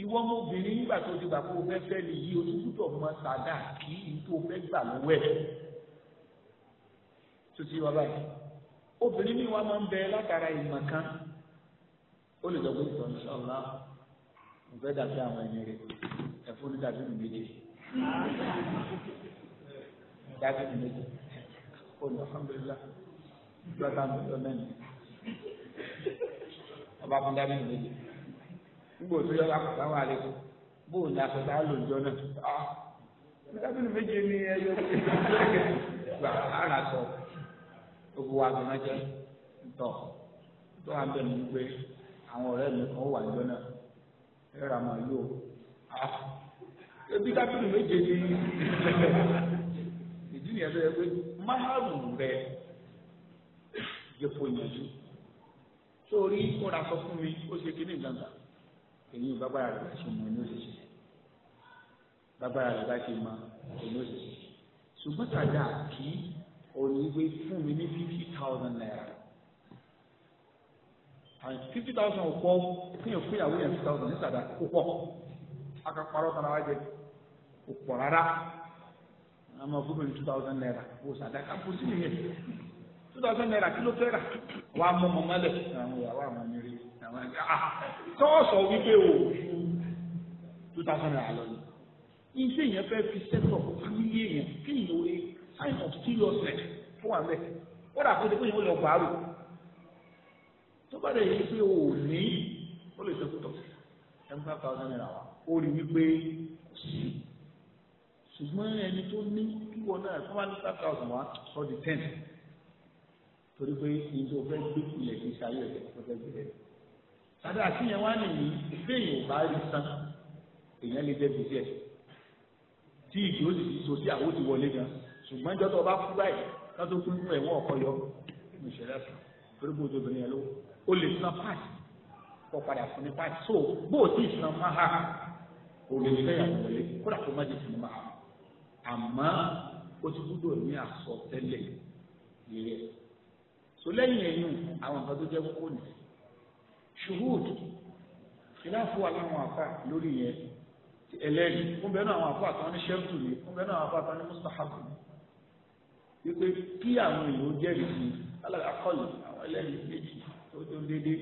ìwọ ọmọbìnrin nígbà tó ti gbà kó o fẹ́ fẹ́ lè yí o tún gbúdọ̀ mọ sàdá kí ìtò fẹ́ gbà lọ́wọ́ ẹ̀ tó ti wá báyìí obìnrin mi wá máa ń bẹ látara ìmọ̀ kan ó lè lọ gbèsè ọ̀nṣọ́lá mo fẹ́ dàbí àwọn ẹni rẹ̀ ẹ̀fọ́ ní dàbí mi méje dàbí mi méje ó lọ alhamdulilá gbọ́dọ̀ àmì lọ́mẹ́ni ọba fún dàbí mi méje nígbà tó yọ lápàtà wà lẹ́kọ̀ọ́ bó ní asọ̀tà ah! á lò ń jọ méje ní ẹyọ gbà ara sọ gbogbo wa gbọ́n jẹ́ tọ̀ tó à ń bẹ̀ pé àwọn ọ̀rẹ́ mi kan wà jọ náà ẹ ra màá yóò ebi ah! tábìlì méje ní ìdí nìyẹn tó pé máhàrún rẹ jẹ́ fòyìnjú sórí ó ra sọ fún mi ó ṣe kíní gbàngàn èyí bágbára rẹ̀ bá ṣe mọ inú òṣìṣẹ́ bágbára rẹ̀ bá ṣe mọ inú òṣìṣẹ́ ṣùgbọ́n tàdá kí olùgbé fún mi ní fifty thousand naira and fifty thousand ò pọ̀ kéèyàn fún ìyàwó yẹn fifty thousand ní tàdá kó pọ̀ akaparọ́ tara wájẹ kò pọ̀ rárá àmọ́ fún mi ní two thousand naira kó sàdáka kó sí nìyẹn two thousand naira kí ló fẹ́ rà wàá mọ mọ́mọ́lẹ̀ àwọn ìyàwó àwọn mi àwọn ẹgbẹ́ ah tọ́ọ̀sọ̀ wípé o two thousand naira lọ ni iṣẹ́ yẹn fẹ́ fi set up èèyàn kí ni o sign of seriousness fún àmẹ́ wọ́n dà kóde kóyìn ó lọ gbàrú tó bá dẹ̀ yẹ pé o ní ó lè sẹ́kù tọ̀ ẹ̀ thousand naira wa ó rí wípé kò sí ṣùgbọ́n ẹni tó ní kíwọ náà fún wa ní thousand wa sọ di ten torí pé ìjọba gbé ilẹ̀ kì í ṣe ayé ẹ̀ fẹ́ gbé ẹ̀ sàdá àfihàn wa nìyí béèyàn ò bá rí san èèyàn lè dẹ́bi díẹ̀ tí ìgbì ó sì ti so sí àwọn òdì wọlé gan ṣùgbọ́n ìjọ́ tó o bá kú báyìí ká tó kún fún ẹ̀wọ̀n ọ̀kọ́ yọ ìṣẹ̀lẹ̀ sàn torí bó o tó obìnrin yẹn ló o lè san páàkì kó padà fún ní páàkì so bó o ti san máa ha o lè fẹ́ yàwó wọlé kódà kó má di fún máa ha àmọ́ o ti gbúdọ̀ ní àsọtẹ́lẹ̀ rẹ̀ so lẹ́yìn ẹ̀yìn àwọn nǹkan tó jẹ́ kókó nìyẹn ṣùhùd ìláfù aláwọn àfà lórí yẹn ẹlẹ́rìí fún bẹ́ẹ̀ náà àwọn àfà àtàwọn ní ṣẹ́ńtù ni fún bẹ́ẹ̀ náà àwọn àfà àtàwọn ní mustahabu ni wípé kí àwọn èèyàn jẹ́rìí sí akọ́lù àwọn ẹlẹ́rìí méjì tó tó déédéé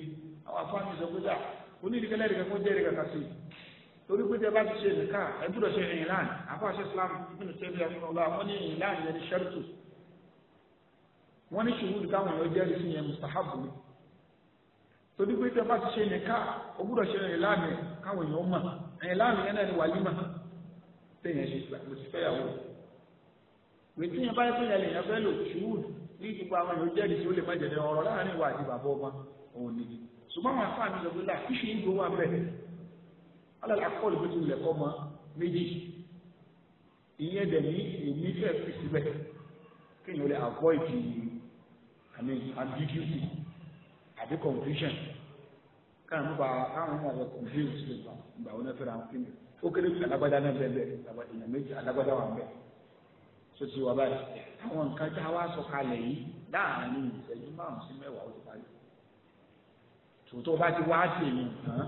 àwọn àfà mi sọ pé dà onídìkẹ́lẹ́rìí kankan jẹ́rìí kankan sí i torí pé tẹ bá ti ṣe nìkan ẹ gbọ́dọ̀ ṣe ìlànà àfàṣẹ islam ibùdó tẹbi ọlọ àwọn ní ìlànà yẹn ní ṣẹrìtù wọn ní ṣùgbọ́n káwọn yóò jẹ́rìí sí yẹn mustahabu torí pé tẹ bá ti ṣe nìka o gbúdọ̀ ṣe ẹ̀yìn láàmì káwọn èèyàn mọ̀ ẹ̀yìn láàmì yẹn náà ni wàlímà téèyàn ṣe mo ti fẹ́ yàwó wètí yẹn báyìí fún yẹn lèèyàn fẹ́ lò ṣùgbọ́n ní ìdìbò àwọn èèyàn jẹ́rìí tí ó lè má jẹ̀dẹ̀ ọ̀rọ̀ láàrin ìwà àti bàbá ọba òun ni ṣùgbọ́n àwọn afáà mi lọ́gbẹ́lá fíṣe ìgbò wà bẹ́ẹ̀ alẹ́ akọ́lù tó ti lẹ̀ kọ́ mọ méjì ìyẹn dẹ̀ ní èmi fẹ́ fi síbẹ̀ kéèyàn lè avoid àmì ambiguity àbí confusion káà nípa káwọn nípa bẹ confuse nípa ìgbà wọn fẹ́ràn àwọn fíìmù ó kéré fún alágbádá náà bẹ́ẹ̀ bẹ́ẹ̀ èèyàn méjì alágbádá wà bẹ́ẹ̀ tó ti wà báyìí àwọn nǹkan tá a wá sọ kalẹ̀ yìí láàárín ìṣẹ́jú márùn-ún sí mẹ́wàá ó ti parí tòótọ́ bá ti wá sí èmi nǹkan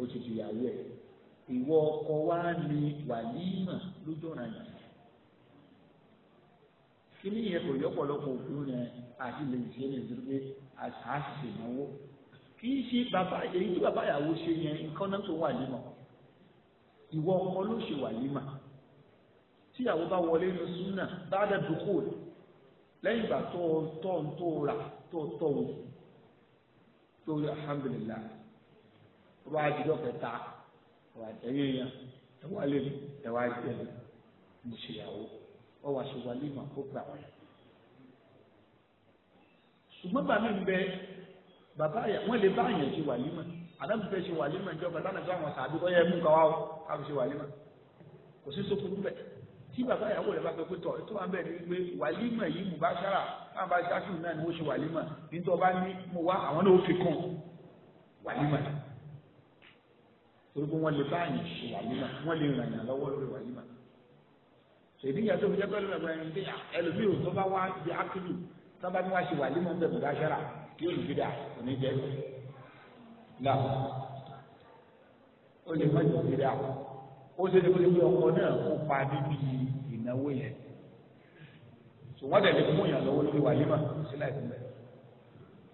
ó ti tìyàwó ẹ̀ ìwọ ọkọ wa ni wàlímà lójú ọ̀ràn yẹn kí ni ìyẹn kò yọpọlọpọ òkú yẹn àti lè ṣe é lè dúró àṣàṣìnáwó kì í ṣe bàbá èyí tí bàbá ìyàwó ṣe yẹn nǹkan náà tó wà límọ ìwọ ọkọ ló ṣe wà límọ tíyàwó bá wọlé ní súnà bá dẹ dùkú rẹ lẹ́yìn ìgbà tó tọ tó rà tó tọ wò tó rí alhamdulillah tó bá jùlọ kẹta ẹyẹ yẹn ẹwà lè ẹwà jẹ mo ṣèyàwó ọwọ àṣewà límọ ó gbà wọ̀nyẹn ṣùgbọ́n gbà mí bẹ
bàbá àyà wọ́n lè bá àyàn ṣe
wà límọ̀ àdàbí fẹ́ ṣe wà límọ̀ ìjọba dáná tó àwọn sàbí kọ́ yẹ mú kàwá o káfí ṣe wà límọ̀ kò sí sókun bẹ̀ tí bàbá ìyàwó rẹ̀ bá fẹ́ pé tọ̀ tó wà bẹ́ẹ̀ ni pé wà límọ̀ yìí mú bá ṣára káwọn bá ṣáṣù náà ni wọ́n ṣe wà límọ̀ nítorí ọba ní mo wá àwọn náà ó fi kàn wà límọ̀ torí pé wọ́n lè bá àyàn ṣe wà límọ̀ wọ́n sábà ní wàá ṣe wà límọ̀ bẹ̀rù bá ṣẹ́ra kí olùgbéra oníjẹ́ náà o lè má jù gbéra ó ṣe ní kó lè gbé ọkọ náà kópa níbi ìnáwó yẹn ṣùgbọ́n tẹ̀lé fún yàn lọ́wọ́ lórí wà límọ̀ sí láì fún bẹ́ẹ̀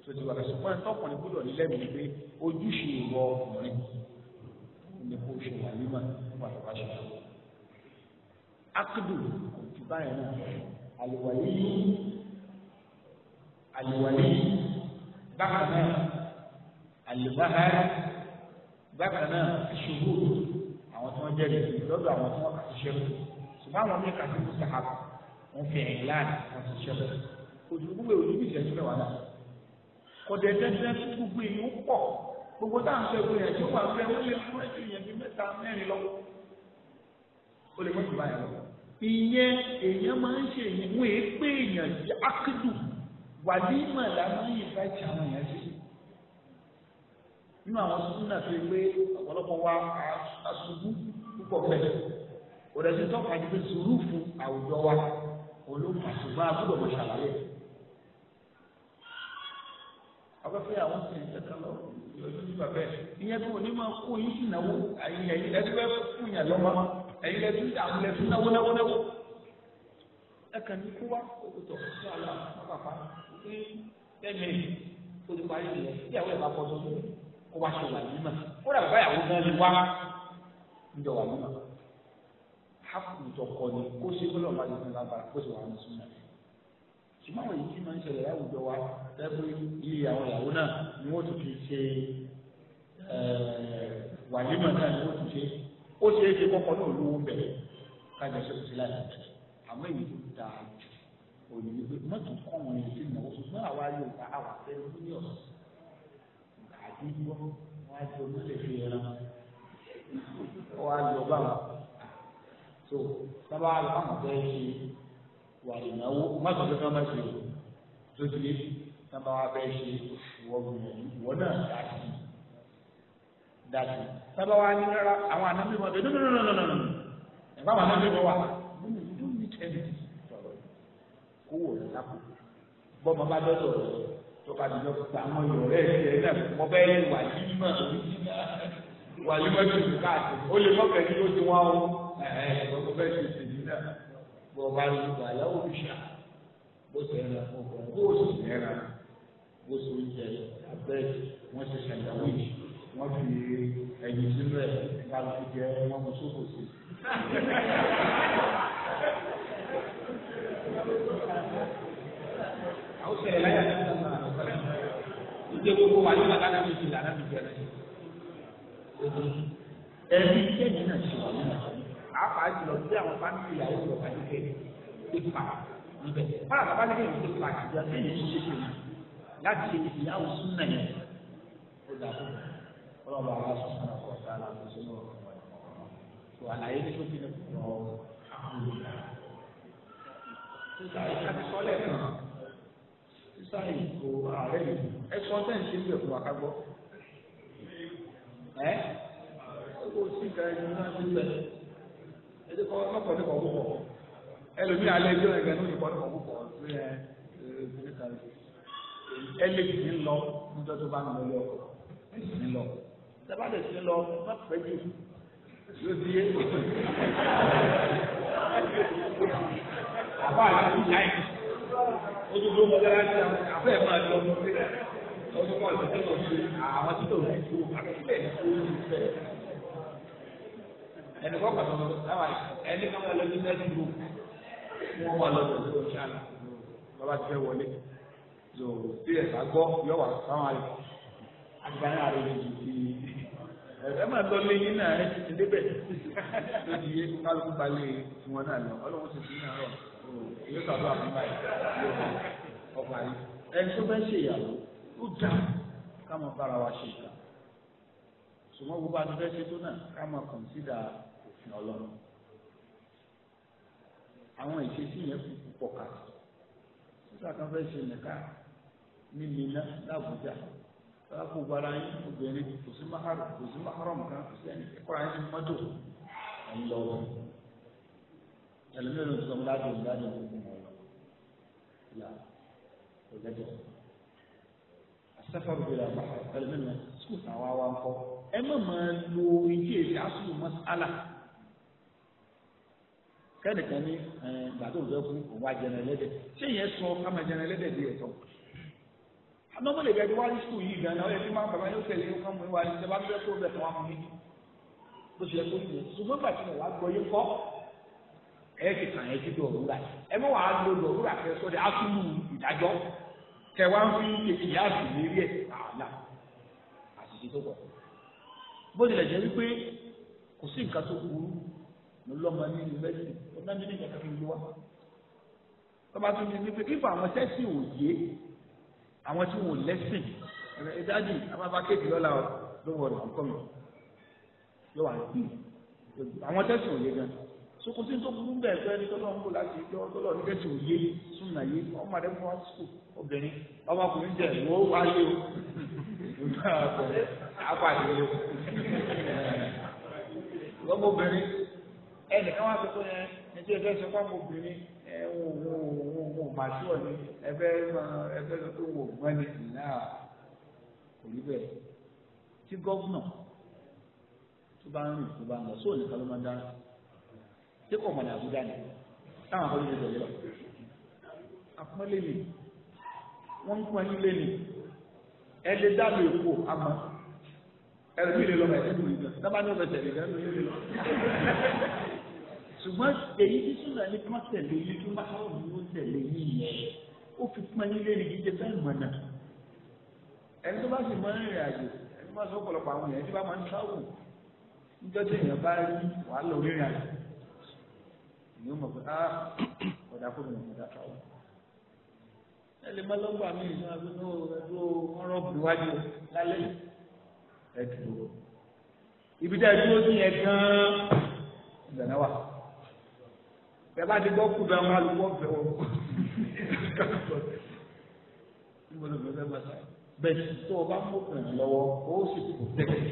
sọtì wà ṣùgbọ́n tọkùnrin gbúdọ̀ nílẹ̀ mi pé ojúṣe ìwọ ọkùnrin ní kó ṣe wà límọ̀ wà lọ́wọ́ akudu kò ju báyìí náà àlùwà yìí àlùwálé bákan náà àlùbáhá bákan náà àṣubú àwọn tí wọ́n jẹ́ lẹ́yìn lọ́dọ̀ àwọn tí wọ́n kà sí ṣẹ́kù ṣùgbọ́n àwọn mẹ́ka sí kú sàhábà wọ́n fi ẹ̀yìn láàrin wọ́n ti ṣẹ́kù òṣùgbọ́n gbé òṣùgbọ́n ìṣẹ́jú mẹ́wàá náà kọ̀dẹ̀ tẹ́tẹ́ gbogbo èyí ó pọ̀ gbogbo táwọn sọ èkó yẹn tí ó wà fẹ́ wọ́n lè fún ẹ̀jú yẹn bí mẹ́ta mẹ́rin lọ ó lè mọ́tò báyìí lọ ìyẹn èèyàn máa ń ṣe ìwé pé èèyàn jẹ́ akédùn wàlímà làwọn yìí bá ti àwọn yẹn sí nínú àwọn súnà tó yẹ pé ọ̀pọ̀lọpọ̀ wa aṣubú púpọ̀ fẹ́ òrẹ́sì tọ́ka ju pé sùúrù fún àwùjọ wa olùkàṣùgbọ́n àbúrò mọ̀ ṣàlàyé afẹ́fẹ́ àwọn sì ń tẹ̀ka lọ lọ́dún nígbà bẹ́ẹ̀ ìyẹn bí òní máa kó yín sí ìnáwó ẹ̀yìn ẹ̀yìn ẹ̀dí bẹ́ẹ̀ fún yàn lọ́mọ ẹ̀yìn ẹ̀dí àwọn ẹ̀fún náwó náwó náwó ẹ̀kàn ní kó wá òkùtọ̀ sí àlọ́ àpapà sí ten minutes ó ti parí ìyẹn tí kọ́ sọ́kùn kó wá ṣe wà nímọ̀ kódà bàbá ìyàwó náà lè wá níjọ wà nímọ̀ hapùtọ̀ ni kó ṣe kó máa lè fún kó sì wà ní súnmọ́ ṣùgbọ́n èyí tí máa ń ṣẹlẹ̀ láwùjọ wa lẹ́gbẹ́ ilé àwọn ìyàwó náà ni wọ́n tún fi ṣe wàlímọ̀ náà ni wọ́n tún ṣe ó ṣe é ṣe kọ́kọ́ náà lówó bẹ̀rẹ̀ kájà òní wípé mọ́tò kọ́ wọn yẹn sí ìnáwó ṣùgbọ́n àwa Yorùbá àwa
fẹ́ mílíọ̀n àti gbọ́ wọn á jọ mọ́lẹ̀ fi ẹran wọn á lọ bá wọn
so sábà làwọn fẹ́ ṣe
wà ìnáwó mọ́tò tó fẹ́ máa ṣe
tó ti lé sábà wà fẹ́ ṣe ìwọ gbìyànjú ìwọ náà dá sí dàtí sábà wà ní rárá àwọn ànábìmọ̀ bẹ́ẹ̀ nínú nínú nínú nínú ẹ̀fọ́ àwọn ànábìmọ̀ wà kó wò ó sápò bọ́mọ bá dọ́dọ̀ rẹ̀ tó bá dùn lọ́kùnrin àwọn yòó rẹ̀ náà mo bẹ́ẹ̀ ní wà
límọ̀ wà límọ̀ tó kù káàkiri ó lè mọ̀kẹ́ ní
oṣù wọn o mo bẹ́ẹ̀ ṣe ṣèlú náà bọ́ bá rí wà láwọ òṣà bó ṣe ń ra fún ọkọ bó ṣe ń ra bó ṣe ń jẹ abẹ́ wọn ṣe ṣàǹdáwìjì wọn fi ẹyin sínú
ẹ kálukú jẹ wọn mú sókòsì. ó ṣẹlẹ̀ láyà ní ọ̀sán náà lọ́sọ̀rọ̀
ìdè gbogbo wa nígbà láti fi ìlà láti fi ẹ̀rẹ́ ẹbí kéèyàn náà ṣe wà nínú àpá jùlọ sí àwọn fáńtì ìyàwó ìlú ọ̀gá ní kéèyàn tó fà níbẹ̀ fáwọn bàbá ní kéèyàn tó fà ìyá kéèyàn ṣe ṣe wà láti ṣe ìyàwó súnà yẹn ó dà fún ọlọ́run
àwọn aṣọ
sáyẹ̀nsì ààrẹ yìí ẹ sọ sẹ́ǹsì ń bẹ̀ fún wa ẹ kò sí nǹkan ẹni náà ti bẹ̀ ẹ ti kọ́ ọlọ́pàá nípa púpọ̀ ẹlòmí alẹ́ ẹjọ́ ẹ̀gẹ́ ní ìbọn nípa púpọ̀ ẹ lè sì ń lọ níjọ́ tó bá ń lọ lọ ẹ sì ń lọ sábà lè sì ń lọ má pẹ́
jù ló di yé. àbá àti ìyá yìí ojú mọ lára ti àfẹ́ máa lọ ọdún kan lọ
sí ọ̀sẹ̀ àwọn títọ̀ ní ìlú àkẹ́kẹ́ ìlú ìfẹ́ ẹnì kan kọ̀ tọ́tọ́ táwa ẹni kan wọlé ní nẹ́ẹ̀sì ló fún wọn wà lọ́dọ̀ sí ọ̀sẹ̀ àná bàbá ti fẹ́ wọlé lò sí ẹ̀sà gbọ́ yọ wà sáwọn àlè agbára àrẹ lè
jù sí ẹ máa lọ lé yín náà ẹ ti
ti débẹ̀ lójijì kálukú balẹ̀ tiwọn náà lọ ọlọ́run ti fi náà rọ̀ yóò sọ àdúrà fún báyìí ọkọ àyè ẹni tó fẹ́ ṣe ìyàwó ó dà ká máa bára wa ṣe ìkà ṣùgbọ́n gbogbo àti fẹ́ ṣe tó náà ká kọ̀ǹsídà òfin ọlọ́run àwọn ìṣesí yẹn fi púpọ̀ kà sísà kan fẹ́ ṣe nìka ní Mina lábújá bá gbogbo ara yín obìnrin kò sí maharam kan kò sí ẹnì kẹ́kọ̀ọ́ ara yín mọ́tò ẹ̀ ń lọ́wọ́ ẹlòmíràn ló ń sọ gbádùn gbádùn là kò lẹ́jọ́ asẹ́fàrò bẹ̀rẹ̀ àbáfà ẹlòmíràn skul náà wá wá ń kọ́ ẹ má máa lo ìdí èsì asùnù mọ́sálà kẹ́nìkan ní gbàdúrà fẹ́ fún òun wá jẹun ẹlẹ́dẹ̀ ṣé ìyẹn sọ ká máa jẹun ẹlẹ́dẹ̀ bí ẹ̀tọ́ anọ́mọ̀lẹ̀ bẹ́ẹ̀ ni wáyé skul yìí gan-an ọ̀yẹ́ fi máa bàbá yóò tẹ̀lé yóò ẹ fi kàn yẹn ju dọ̀rúra ẹ mọ̀ wàá lo dọ̀rúra kẹ sọ́dẹ̀ átúlù ìdájọ́ kẹ wá ń fi kejì yá sí lérí ẹ̀ àlà àṣìṣe tó pọ̀ bó tilẹ̀ jẹ́ wípé kò sí nǹkan tó burú mo lọ́mọ ní yunifásitì ó náà nínú ìjọba kí n gbé wá tọ́ba tó ní wípé kí fún àwọn sẹ́sìn òye àwọn tí wọn ò lẹ́sìn ẹ dájú amábákéèdì lọ́la lọ́wọ́ rẹ̀ kọ́mi yóò wà ní àwọn tẹ̀sán òye gan-an sukùn tí n tó burú bẹ́ẹ̀ fẹ́ ni tọ́lọ́ ń bò láti ìjọ tọ́lọ́ ní kẹ́sì òye súnà yé ọmọ rẹ fún ọsùn obìnrin ọmọkùnrin jẹ ìwọ wáyé o
àpàdé o lọ́mọ obìnrin ẹnìkan wá sọ pé ẹ
ẹ tí ẹ fẹ́ sọ fún àwọn obìnrin ẹ wò wò wò wò màtí ọ̀ ni ẹ fẹ́ ẹ fẹ́ sọ pé wò gbọ́n ni náà kò rí bẹ́ẹ̀ tí gọ́vnà tó bá ń rìn tó bá ń lọ sóòlù kan tí kò mọ̀nà àbújá ni táwọn akọ́lé ní ìjọba àpọ́nlé ni wọ́n ń pọ́n nílé ni ẹ lè dá lu èkó àmọ́ ẹ̀rọ mi lè lọ́mọ ẹ̀sìn mi nìkan sábà ní ọ̀fẹ́ tẹ̀lé ìgbà mi lè lọ. ṣùgbọ́n èyí tí sùnà ní kí wọ́n tẹ̀lé yìí kí wọ́n káwọ́ ní wọ́n tẹ̀lé yìí yẹn ó fi pọ́n nílé ni jíjẹ fẹ́ mọ̀nà ẹni tó bá sì mọ ìrìn àjò ẹni tó bá sọ ọ̀pọ̀lọpọ̀ àwọn èèyàn tí bá máa ń sáwò níjọ́ tí èèyàn bá rí wàhálà onírìn àjò yóò mọ̀ pé ah ọ̀dà kó mi ìgbà káwọ́.
ẹ lè má lọ́gbà mí ìṣọ́ agbẹ́nú ẹ̀dúró wọn rọ́ọ̀bù níwájú lálẹ́
ẹ dúró. ibi tẹ́ ẹ dúró sí yẹn gan-an ìgbà náà wà. bá ti gbọ́ kú bẹ́ẹ̀ wọn alùpùpọ̀ bẹ́ẹ̀ wọ̀ bẹ́ẹ̀ tó o bá mú kùnà lọ́wọ́ o sì kò tẹ́kẹ̀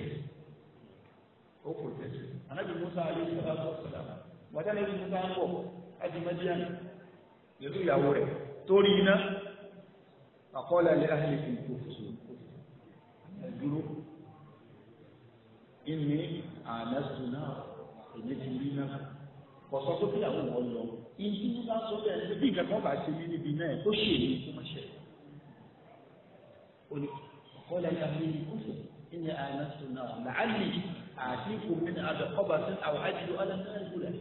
o kò tẹ́kẹ̀ anábì musa alẹ́ sọ́lá sọ́lá bàtà lẹ́bi musa ń bọ̀ láti mẹ́díàmì lẹ́tọ́ ìyàwó rẹ̀ torí iná àkọọ́lẹ̀ alẹ́ ahìlẹ̀ fi kò fòsò dúró ìní ànásù náà èmi ti rí náà kò sọ pé ìyàwó wọn lọ ìdí musa sọ bẹ́ẹ̀ ní bí nǹkan kan bá ṣe mí níbi náà tó ṣe èmi tó má ṣe àkọọ́lẹ̀ alẹ́ ahìlẹ̀ kò fòsò ìní ànásù náà làálì àti ìkùnmí ni sí àwọn àjùlọ alẹ́ náà ń gbọ́dọ̀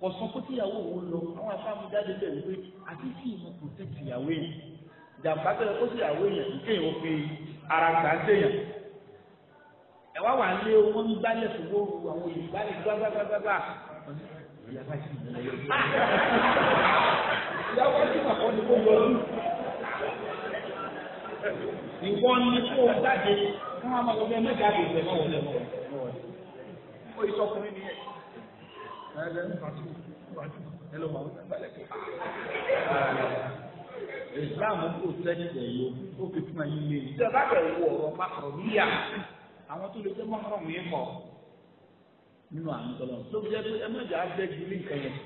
kò sọ pé tíyàwó òun lọ àwọn afáàmù jáde bẹ̀rù pé àti tí ìmọ̀ kò tẹ̀ tìyàwó yẹn jàǹbá tẹ̀lé kó tìyàwó yẹn kéèyàn fi ara gbà ń tẹ̀yàn ẹ wá wà lé owó ń gbálẹ̀ fún wóoru àwọn olùgbàlẹ̀ gbágbágbágbá ìyàwó àti ìmọ̀ ni kò wọlé
ìwọ ni kó o jáde fún àwọn ọmọ ọgbẹ́ mẹ́ta àgbègbè náà wọlé mọ́ ọ islam kò
sẹ́yìn ẹ̀yọ́ ó fi fún ẹyin lé yìí. ìjọba bẹ̀ wọ ọ̀rọ̀ mákàrọ̀ níyà àwọn tó lè jẹ́ mákàrọ̀ yẹn kọ̀ nínú àmì tọ́lọ̀ tó fi jẹ́ pé ẹ má jà á bẹ́ ju ilé nǹkan yẹn.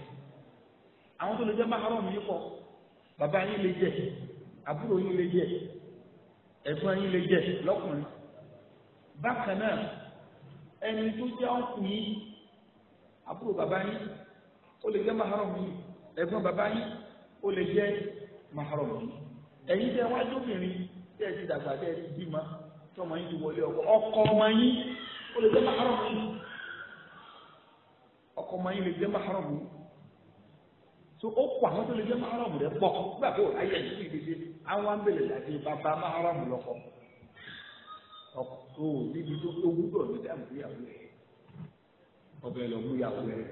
àwọn tó lè jẹ́ mákàrọ̀ yẹn kọ̀ bàbá yín lè jẹ àbúrò yín lè jẹ ẹ̀gbọ́n yín lè jẹ lọ́kùnrin. bákan náà ẹni tó jẹ́ ọkùnrin àbúrò bàbá yín ó lè jẹ́ maharam yìí ẹ̀gbọ́n bàbá yín ó lè jẹ́ maharam yìí ẹ̀yin tẹ́ wá lóbìnrin tẹ́ ẹ ti dàgbà tẹ́ ẹ ti bímọ tọmọ yín ti wọlé ọkọ ọkọ ọmọ yín ó lè jẹ́ maharam yìí ọkọ ọmọ yín lè jẹ́ maharam yìí so ó kọ àwọn tó lè jẹ́ maharam rẹ̀ pọ̀ gbà kó ayé ẹ̀ ti gbèsè àwọn abẹ́lẹ̀ làdé bàbá maharam lọ́kọ ọkọ òbí mi tó owó gbọ́dọ̀ ní dáàbò ìyàwó ọbẹ̀ lọ mú ìyàwó rẹ̀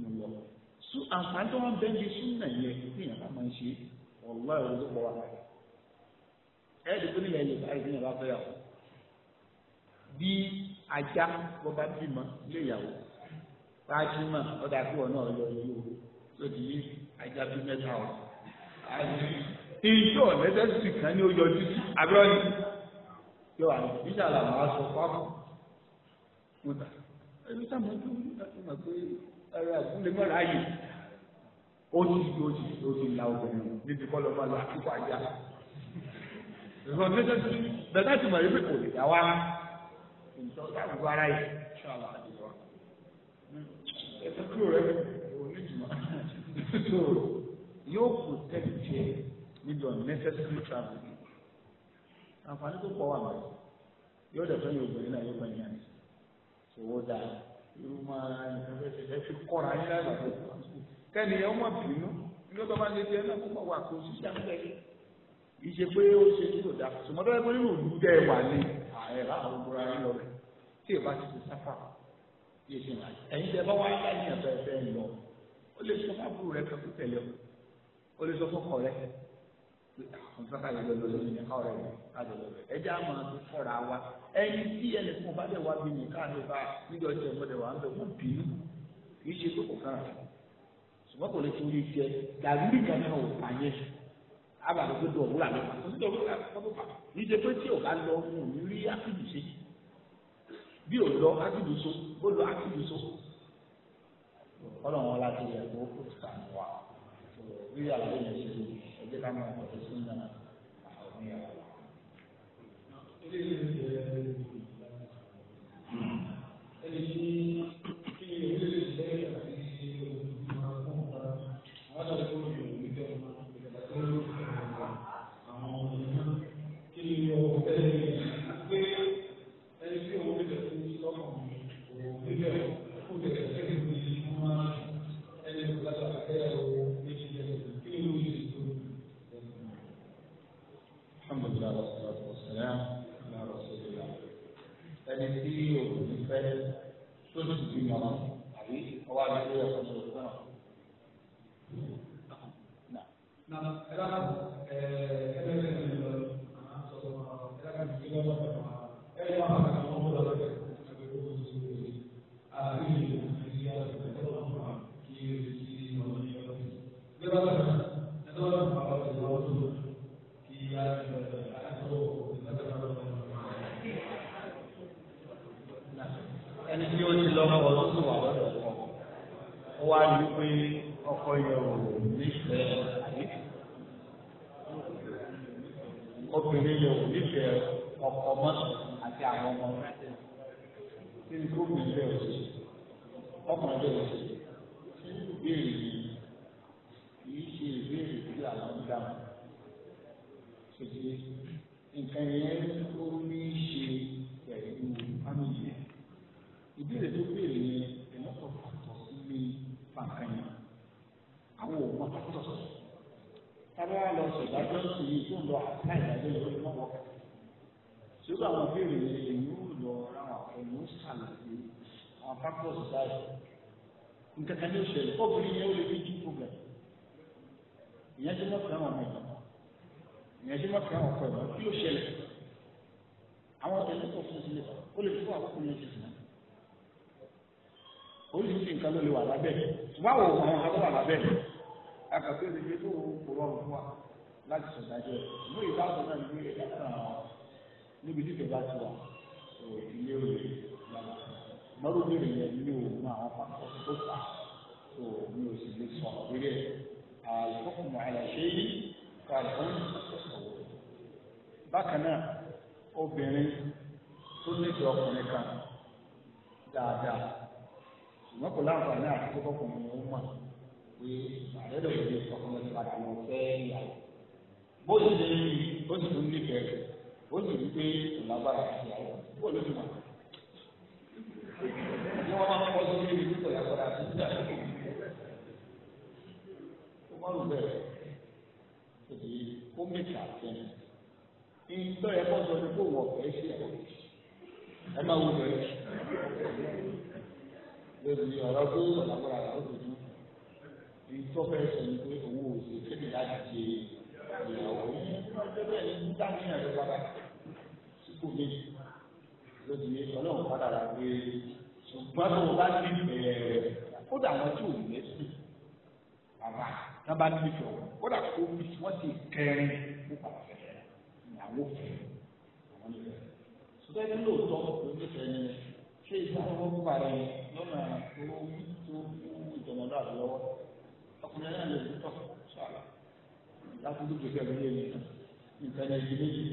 mú lọ. sú àǹfààní tó wọ́n bẹ́ẹ̀ ní súnà yẹn níyàn bá máa ń ṣe ọ̀lá ìwé tó pọ̀ wá láyé. ẹ̀ẹ́dì tó nílẹ̀ ilẹ̀ báyìí níyàn bá fẹ́ yàwó. bí ajá bọ́ba bímọ lé ìyàwó táàjì mọ̀ ọ̀dà kí wọn náà lọ yọ owó tó di ajá bí mẹ́ta ọ̀ ìjọ nẹ́sẹ̀sì kan ní ó sí abẹ́rẹ́ yóò wà ní ìjà làwọn aṣọ pápá ẹni sàmójú ẹgbẹ́ pé ẹ̀rọ àgúnlẹ̀ mọ́ra yìí ó ti ó ti ó ti la obìnrin níbi kọ́ lọ́ọ́ máa lọ àtúkọ̀ àyà ìfọ̀n tẹ́tẹ́ sí bẹ́ẹ̀ láti mọ̀ wípé kò lè dá wa nǹkan táwọn ará yìí ṣàlà àdìwọ́
ẹ̀sẹ̀ kúrò rẹ̀ oníjùmọ̀
so yóò kò tẹ́lẹ̀ tiẹ̀ níbi unnecessary travel àǹfààní tó pọ̀ wà mọ́ yóò dẹ̀ fẹ́ yóò gbẹ̀rẹ̀ náà yóò gbẹ̀rẹ̀ náà ṣòwò dáa irú máa nǹkan fẹ́ ṣe fi kọ́ra yín lágbà tó kọ́ kẹ́ni ẹ̀ ọmọ bínú inú tó bá lé tiẹ̀ náà kó mọ̀ wà kó ṣíṣe àgbẹ̀rẹ̀ ìṣe pé ó ṣe tí kò dáa sọmọdé ẹgbẹ́ nínú òdú dẹ́ wà ní àìrá àwọn ọmọ ara lọ rẹ̀ tí ìbá ti ti sáfà yé ṣe máa ẹ̀yin tẹ bá wáyé láyé ẹ̀fẹ́ ẹ̀fẹ́ ń lọ ó lè sọ fábùrù rẹ kẹ́kọ̀ọ́ tẹ̀lé ọ ó lè sọ fọ́kọ̀ rẹ kẹ́kọ̀ọ́ àwọn fẹ́ ká yọ lọ lórí nìkan ọ̀rẹ́ mi ká lọ lọ rẹ̀ ẹjẹ́ àmọ́ fọ́ra wa ẹni tí ẹnìkan bá dẹ̀ wá bí mi ká lè bá níjọ tí ẹ̀mọ́ dẹ̀ wá ń bẹ̀ wọ́n bínú kì í ṣe pé kò fẹ́ràn rẹ̀ ṣùgbọ́n kò lè fi orí jẹ gàrí kan náà ò pa yẹn abàlẹ̀ pé dùn òwúrà lọ́pàá kò sí dùn òwúrà lọ́pàá kì í ṣe pé tí ò bá lọ fún òní rí ákìdù ṣe bí ò lọ ákìdù so ó lọ ákìdù so ọlọ́run ọlá ti yẹ kó kó sàn wá rí àlàyé yẹn ṣe lónìí. 这方面我都听着呢，好
听呀！哎，哎。
irú àwọn béèrè yẹn èyí ò lọ ra ẹ̀mú ṣàlàyé àwọn pápọ̀ ṣáà nǹkan kan ní oṣù ẹ̀ obìnrin yẹn ó lè fi jí ìyẹn tí wọ́n fẹ́ wọn mọ̀ ìyẹn tí wọ́n fẹ́ wọn kọ̀ ẹ̀mọ́ kí ló ṣẹlẹ̀ àwọn ẹ̀mí tó fún sílẹ̀ ó lè fún àwọn ọkùnrin ti sùn oríṣiríṣi nǹkan ló lè wà lábẹ́ wá wò àwọn àwọn wà lábẹ́ akàtúntò ìgbésò rọrùn fún wa láti sọ̀dájọ́ ìlú ìbáwọ̀ náà ní ìlú níbi tí ìjọba ti wà ilé rẹ̀ lára lọ́rùn mi rẹ̀ yẹn ní òun àwọn pàtó tó fà tó mi ò sì lè sọ lórí ẹ̀ àlùfọ́kùnmọ̀ àyàṣe yìí ká ló ń sọ̀rọ̀ bákan náà obìnrin tó nífẹ̀ẹ́ ọkùnrin kan dáadáa ṣùgbọ́n kò láǹfààní àti tó kọkùnrin ó mọ̀
pé àrẹ́lẹ̀ òde
ọkùnrin pàtàkì fẹ́ yà
bó ti ní ó sì
tún nífẹ̀ẹ́ rẹ̀ ó lè rí pé ìlágbára ìyàwó ó lè rí mọ.
ní wọn máa ń kọ́ sí ilé ìdíkọ̀ ìyàwó rà sí ìjà tó kù.
ó má lù bẹ́ẹ̀ tòbí ó mẹ́ta àtẹ́n. ìtọ́ ẹ̀ kọ́ sọ ní kó wọ̀ fẹ́ sí ìyàwó ẹ máa wù bẹ́ẹ̀. lórí ọ̀rọ̀ tó ìlágbára rà ó dùn ìtọ́fẹ́ sọ ní pé owó òṣèlú láti ṣe ìyàwó yìí. bẹ́ẹ̀ ni dáhùn yàrá padà kó méjì lóde ọlọ́run padà rà pé
ṣùgbọ́n tó o bá ti bẹ̀rẹ̀ rẹ̀ kódà
àwọn tí ò lè sùn bàbá náà bá ti fẹ̀ wọ́n kódà kó bí wọ́n ti kẹrin kó padà fẹ̀rẹ̀ ìyàwó fẹ̀ àwọn ìfẹ́. sọ́dọ̀ ní lóòótọ́ onífẹ́ ni ṣé ìdáná wọn rẹ̀ lọ́nà owó tó fún ìjọmọ̀lá àbúlọ́wọ́ ọkùnrin náà lè tọ́ sọ́ọ̀lá láti dúdú kẹ́kẹ́ lóye nìkan nìkan ẹ̀jẹ̀ méjì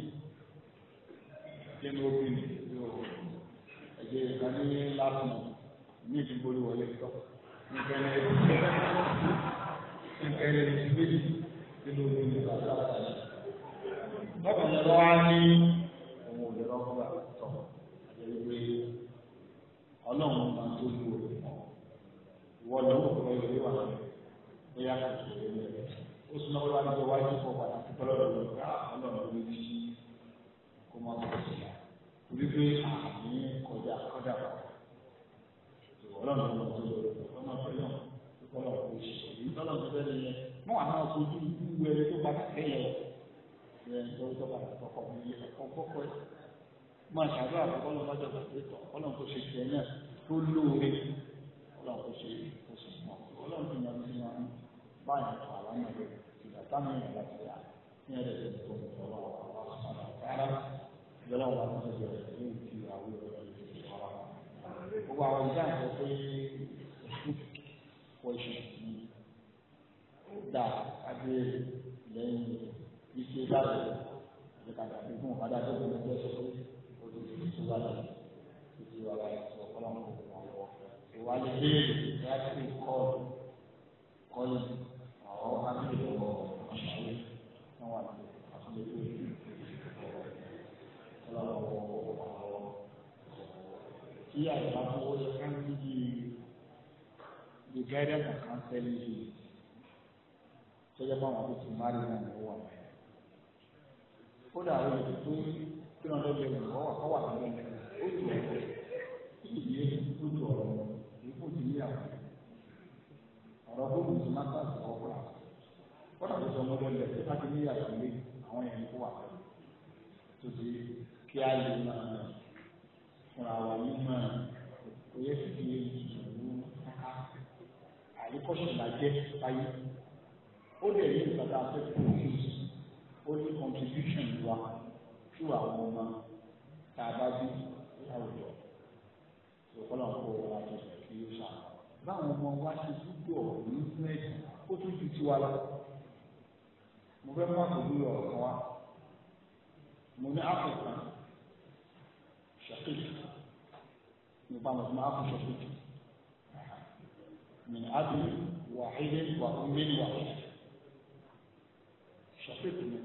lẹ́nu òfin yóò ẹ̀jẹ̀ kan ní láti mọ̀ ní ìdíborí wọlé tọ́ nkẹ́lẹ́ nkẹ́lẹ́ méjì nínú òfin ní bàbá àtàlẹ́.
bọ́ọ̀bù ní ọ̀rọ̀ wa ní òun ò lè rọ́ọ̀kọ́ bá tọ̀ àjẹwé
ọlọ́run máa tó lu ìwọ́n lọ́wọ́ kọ́ ìwé wà bóyá kò tó lé lẹ́yìn ó sún náà wọ́n wá ní ọwọ́ àjẹpọ̀ pàtàkì tọ́lọ́dọ̀ lọ́wọ́ ká ah, ọlọ́run ló ti má lọ sí àmì kọjá kọjá pa ọlọ́run ló ń lọ ọmọ pẹ̀lú ọlọ́run kò sí èyí tọ́lọ̀ tó fẹ́ nìyẹn mọ́ àwọn náà fojú wú ẹni tó bá kẹ́yẹ ẹni tó tọ́ padà kọ́kọ́ mi yẹ ọkọ́ kọ́ ẹ máa ṣàdúrà fún ọlọ́run bá jọba tó tọ̀ ọlọ́run ṣe tiẹ̀ náà tó lóore ọlọ́run kò ṣe tó yàn sí wọn tó àlámọ̀ rẹ̀ tó ń tó ń lọ́wọ́ bá tó ṣe ní ti àwọn ọ̀rọ̀ gbogbo àwọn ìjà sọ pé wọ́n ṣe ti dà adé lẹ́yìn iṣẹ́ ìbáraẹ̀ àti kàkàtì fún ọ̀kadà tó ẹgbẹ́ sọ pé o ti ṣe wà láti fi ṣe wà láti sọ ọ̀pọ̀lọpọ̀ ọ̀pọ̀ ìwádìí bẹ́ẹ̀
ni láti kọ́ọ̀lù kọ́ọ̀lù. tí àìsàn fowó yẹ
ká sí bí bí guidance and counseling yìí tọ́jà bá wọn náà lọ́wọ́ àwọn ẹ̀. ó dà wọ́n lè pé kí wọ́n lọ́ọ́ lè wọ́n wà kọ́wà lọ́wọ́ ẹ̀ ó tù ẹ̀ kí
ìdílé tó tù ọ̀rọ̀ ìkú ti ní àwọn
ọ̀rọ̀ gbogbo ti má sáà sọ̀rọ̀ kọ́ àwọn kọ́nà tó sọ ọmọdé ọ̀lẹ̀ tó bá ti fúnra wa yìí máa kò yẹ sí ìdílé yìí ìlú káká àríkọ́ṣọ́ làjẹ́ báyìí ó lè rí nǹkan tá a fẹ́ produce ó ní contribution wa tí àwọn ọmọ tá a bá bí láwùjọ ìkọlọ̀ ń kó wa jọ kí ó ṣàkóso báwọn ọmọ wa ṣe túbọ̀ ní fúnẹ̀tì ó tún ju tiwa lọ mo fẹ́ mú àkójú ọ̀rọ̀ kan mo ní áfíríkà ṣàkíyèsí. نظام المعاصي شديد من أب واحد وأم واحد شقيق منه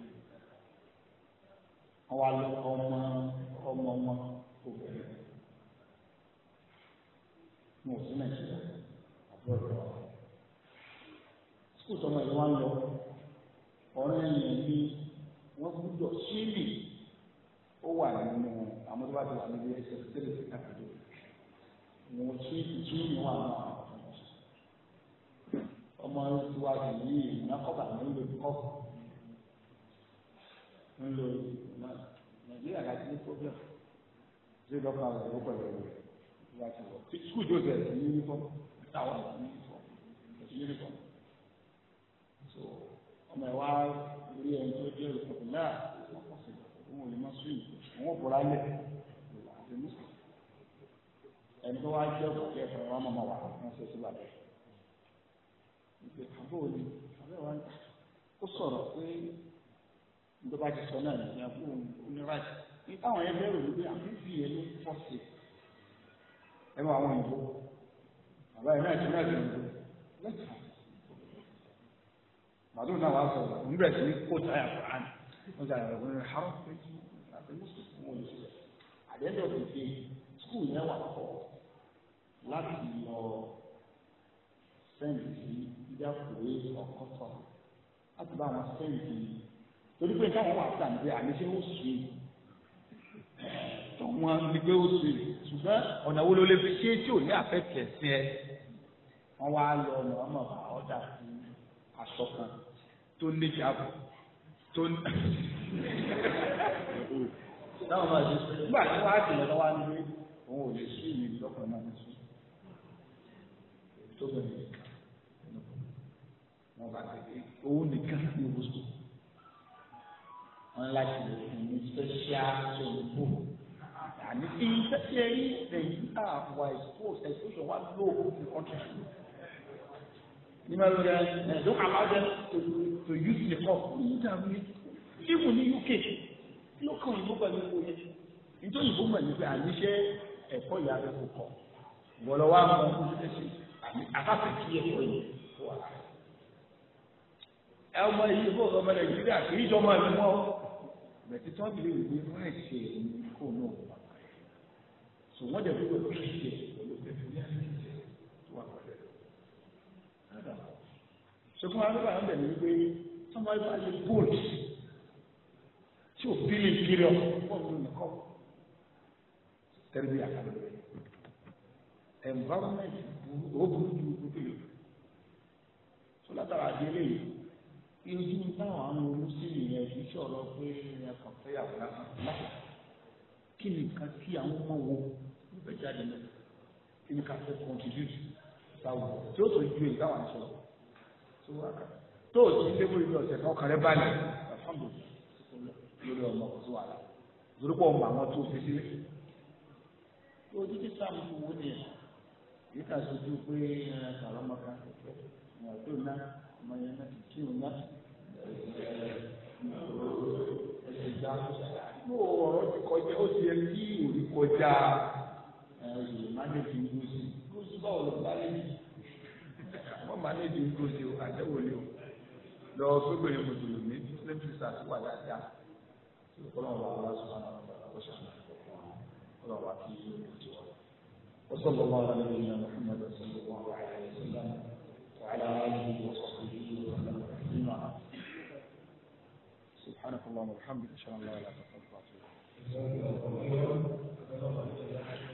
أو على أم أم أم mo sí nàìjíríà àbúrò lọ
sukùl tọmọ ìlú wa ń lọ
ọ̀rẹ́ yẹn sílì ó wà nínú àwọn tó bá ti wà níbi ìwọ̀n tí ìtúwìrì wà náà ọmọ tiwa sì ní ìnákọ́bà ní ìlú kọ́ọ̀bù ń lo nàìjíríà láti ní problem ṣé lọ́kàn rẹ̀ ó pẹ̀lú rẹ̀ ìwà wọ̀ tí skul jòzè ní uniform táwọn ní uniform ní uniform so ọmọ ẹ̀ wá orí ẹni tó jẹ́ ìfọ̀kùnlá ìwọ̀n kọ̀ọ̀sì òun ò lè má sùn ìwọ̀n bọ̀rọ̀ alẹ́ àti mùsùlùmí ẹni wá jẹ́ òkè ẹ̀fọ́ wọn mọ̀ wá wọn ṣe sí bàbá ìgbé àbó ni àbẹ́ wa ó sọ̀rọ̀ pé nítorí ti sọ náà ní ìyá fún ní táwọn yẹn bẹ̀rù wípé àbí yẹn ló pọ̀ sí ẹ mọ àwọn òyìnbó bàbá yẹn náà ti náà ti òyìnbó lẹ́tà màdùn náà wàá sọ̀rọ̀ níbẹ̀ sí ní kóòtù ayà kùrán wọ́n àyàwó ní harrow pé àti mùsùlùmí wọn ò ní sílẹ̀ àdéhùn ọ̀gbìn fi skul yẹn wà lọ́kọ̀ọ́ láti lọ sẹ́ǹtì ìdákùrẹ́ ọ̀kọ́tọ̀ láti bá wọn sẹ́ǹtì torí pé táwọn wà sàn pé àníṣe ó sùn tọ̀wọ́n ni pé ó sùn ṣùgbọ́n ọ̀nà wo ló lè fi ṣe tí ò ní àfẹ́tẹ̀ sí ẹ wọ́n wá lọ mọ̀ọ́mọ̀ bá ọ̀dà sí aṣọ kan tó ní jábọ̀ tó ní táwọn máa ṣe nígbà tí wọ́n á tẹ̀lé lọ́wọ́ á ní pé òun ò lè sùn ní lọ́kàn náà tó bẹ̀rẹ̀ nìkan nínú wọn bá tẹ̀lé owó nìkan ní owó wọn láti lè fún ní special tòǹbù àní kí n tẹ́tẹ́ rí ẹ̀yìn àwa expose exposure wa lò ó fi ọ̀tún sùn ní ma lóore ẹ̀ don't allow them to to use the cup ní
ìdààmú yẹn even
ní UK lókàn òyìnbó pẹ̀lú owó yẹn nítorí òyìnbó mọ̀ nípa àníṣe ẹ̀kọ́ ìyá rẹ̀ kò kọ̀ wọ́lọ́wọ́ àwọn ọmọ ọdún tẹ́tẹ́ sí àfàfà kí ẹ pé wà. ẹ ọmọ yìí kó ọmọ nàìjíríà kì í jọmọ ẹ̀mí mọ́ bẹ̀tí tó ń lè wí láì ṣe èyí kó náà wà. sọ wọ́n dẹ̀ fi wẹ̀
kí ẹ ṣe olùdẹ̀fẹ̀ ní àyè ìjẹ́ tó wà pẹ̀lẹ́.
sọkún arúgbó àwọn bẹ̀rẹ̀ wípé sọmọ ibà lè bóòlù tí ò bí lè kiri ọ̀ fọ́ọ̀mù nìkan tẹ́lẹ̀ bí àkàlẹ́ environment burú ó burú ju gbogbo yìí so látara àdéhùn yìí ojú táwọn àwọn olùsí ìyẹn iṣẹ́ ọ̀rọ̀ pé ẹ̀kọ́ fẹ́yàwó lásán kí nìkan tí àwọn ọmọ wo ìgbẹ́ jáde lọ kí nìkan fẹ́ contribute táwọn tí ó tó ju èyí táwọn àṣọ tó wà kà tó o ti dé múlẹ̀ ní ọ̀sẹ̀ kan ọkàn rẹ balẹ̀ alhamdulilayi lórí ọmọ kò tó wà lá torí pé ọmọ àwọn tó fi sílẹ̀ tó o ti ti sáà mú owó nìyẹn yìí sojú pé kàrọ́ maka tó ná ọmọ yẹn náà kí o ná ẹsẹ̀ gbá mú ọ̀rọ̀ ti kọjá ó ti yẹ kí òní kọjá ẹ̀yìn mánéjì ngozi ngozi báwo ló bá lé yìí wọ́n mánéjì ngozi o àdéhùn ni o
lọ sóbìnrin
mùsùlùmí muslim sisters wà dáadáa tí o kọ́ lọ́wọ́ wà lásán náà ọ̀ṣà náà ọlọ́wọ́ àti ìlú ìjọba. وصلى الله على نبينا محمد صلى الله عليه وسلم وعلى آله وصحبه وسلم تسليما سبحانك اللهم وبحمدك أشهد أن لا إله
إلا أنت أستغفرك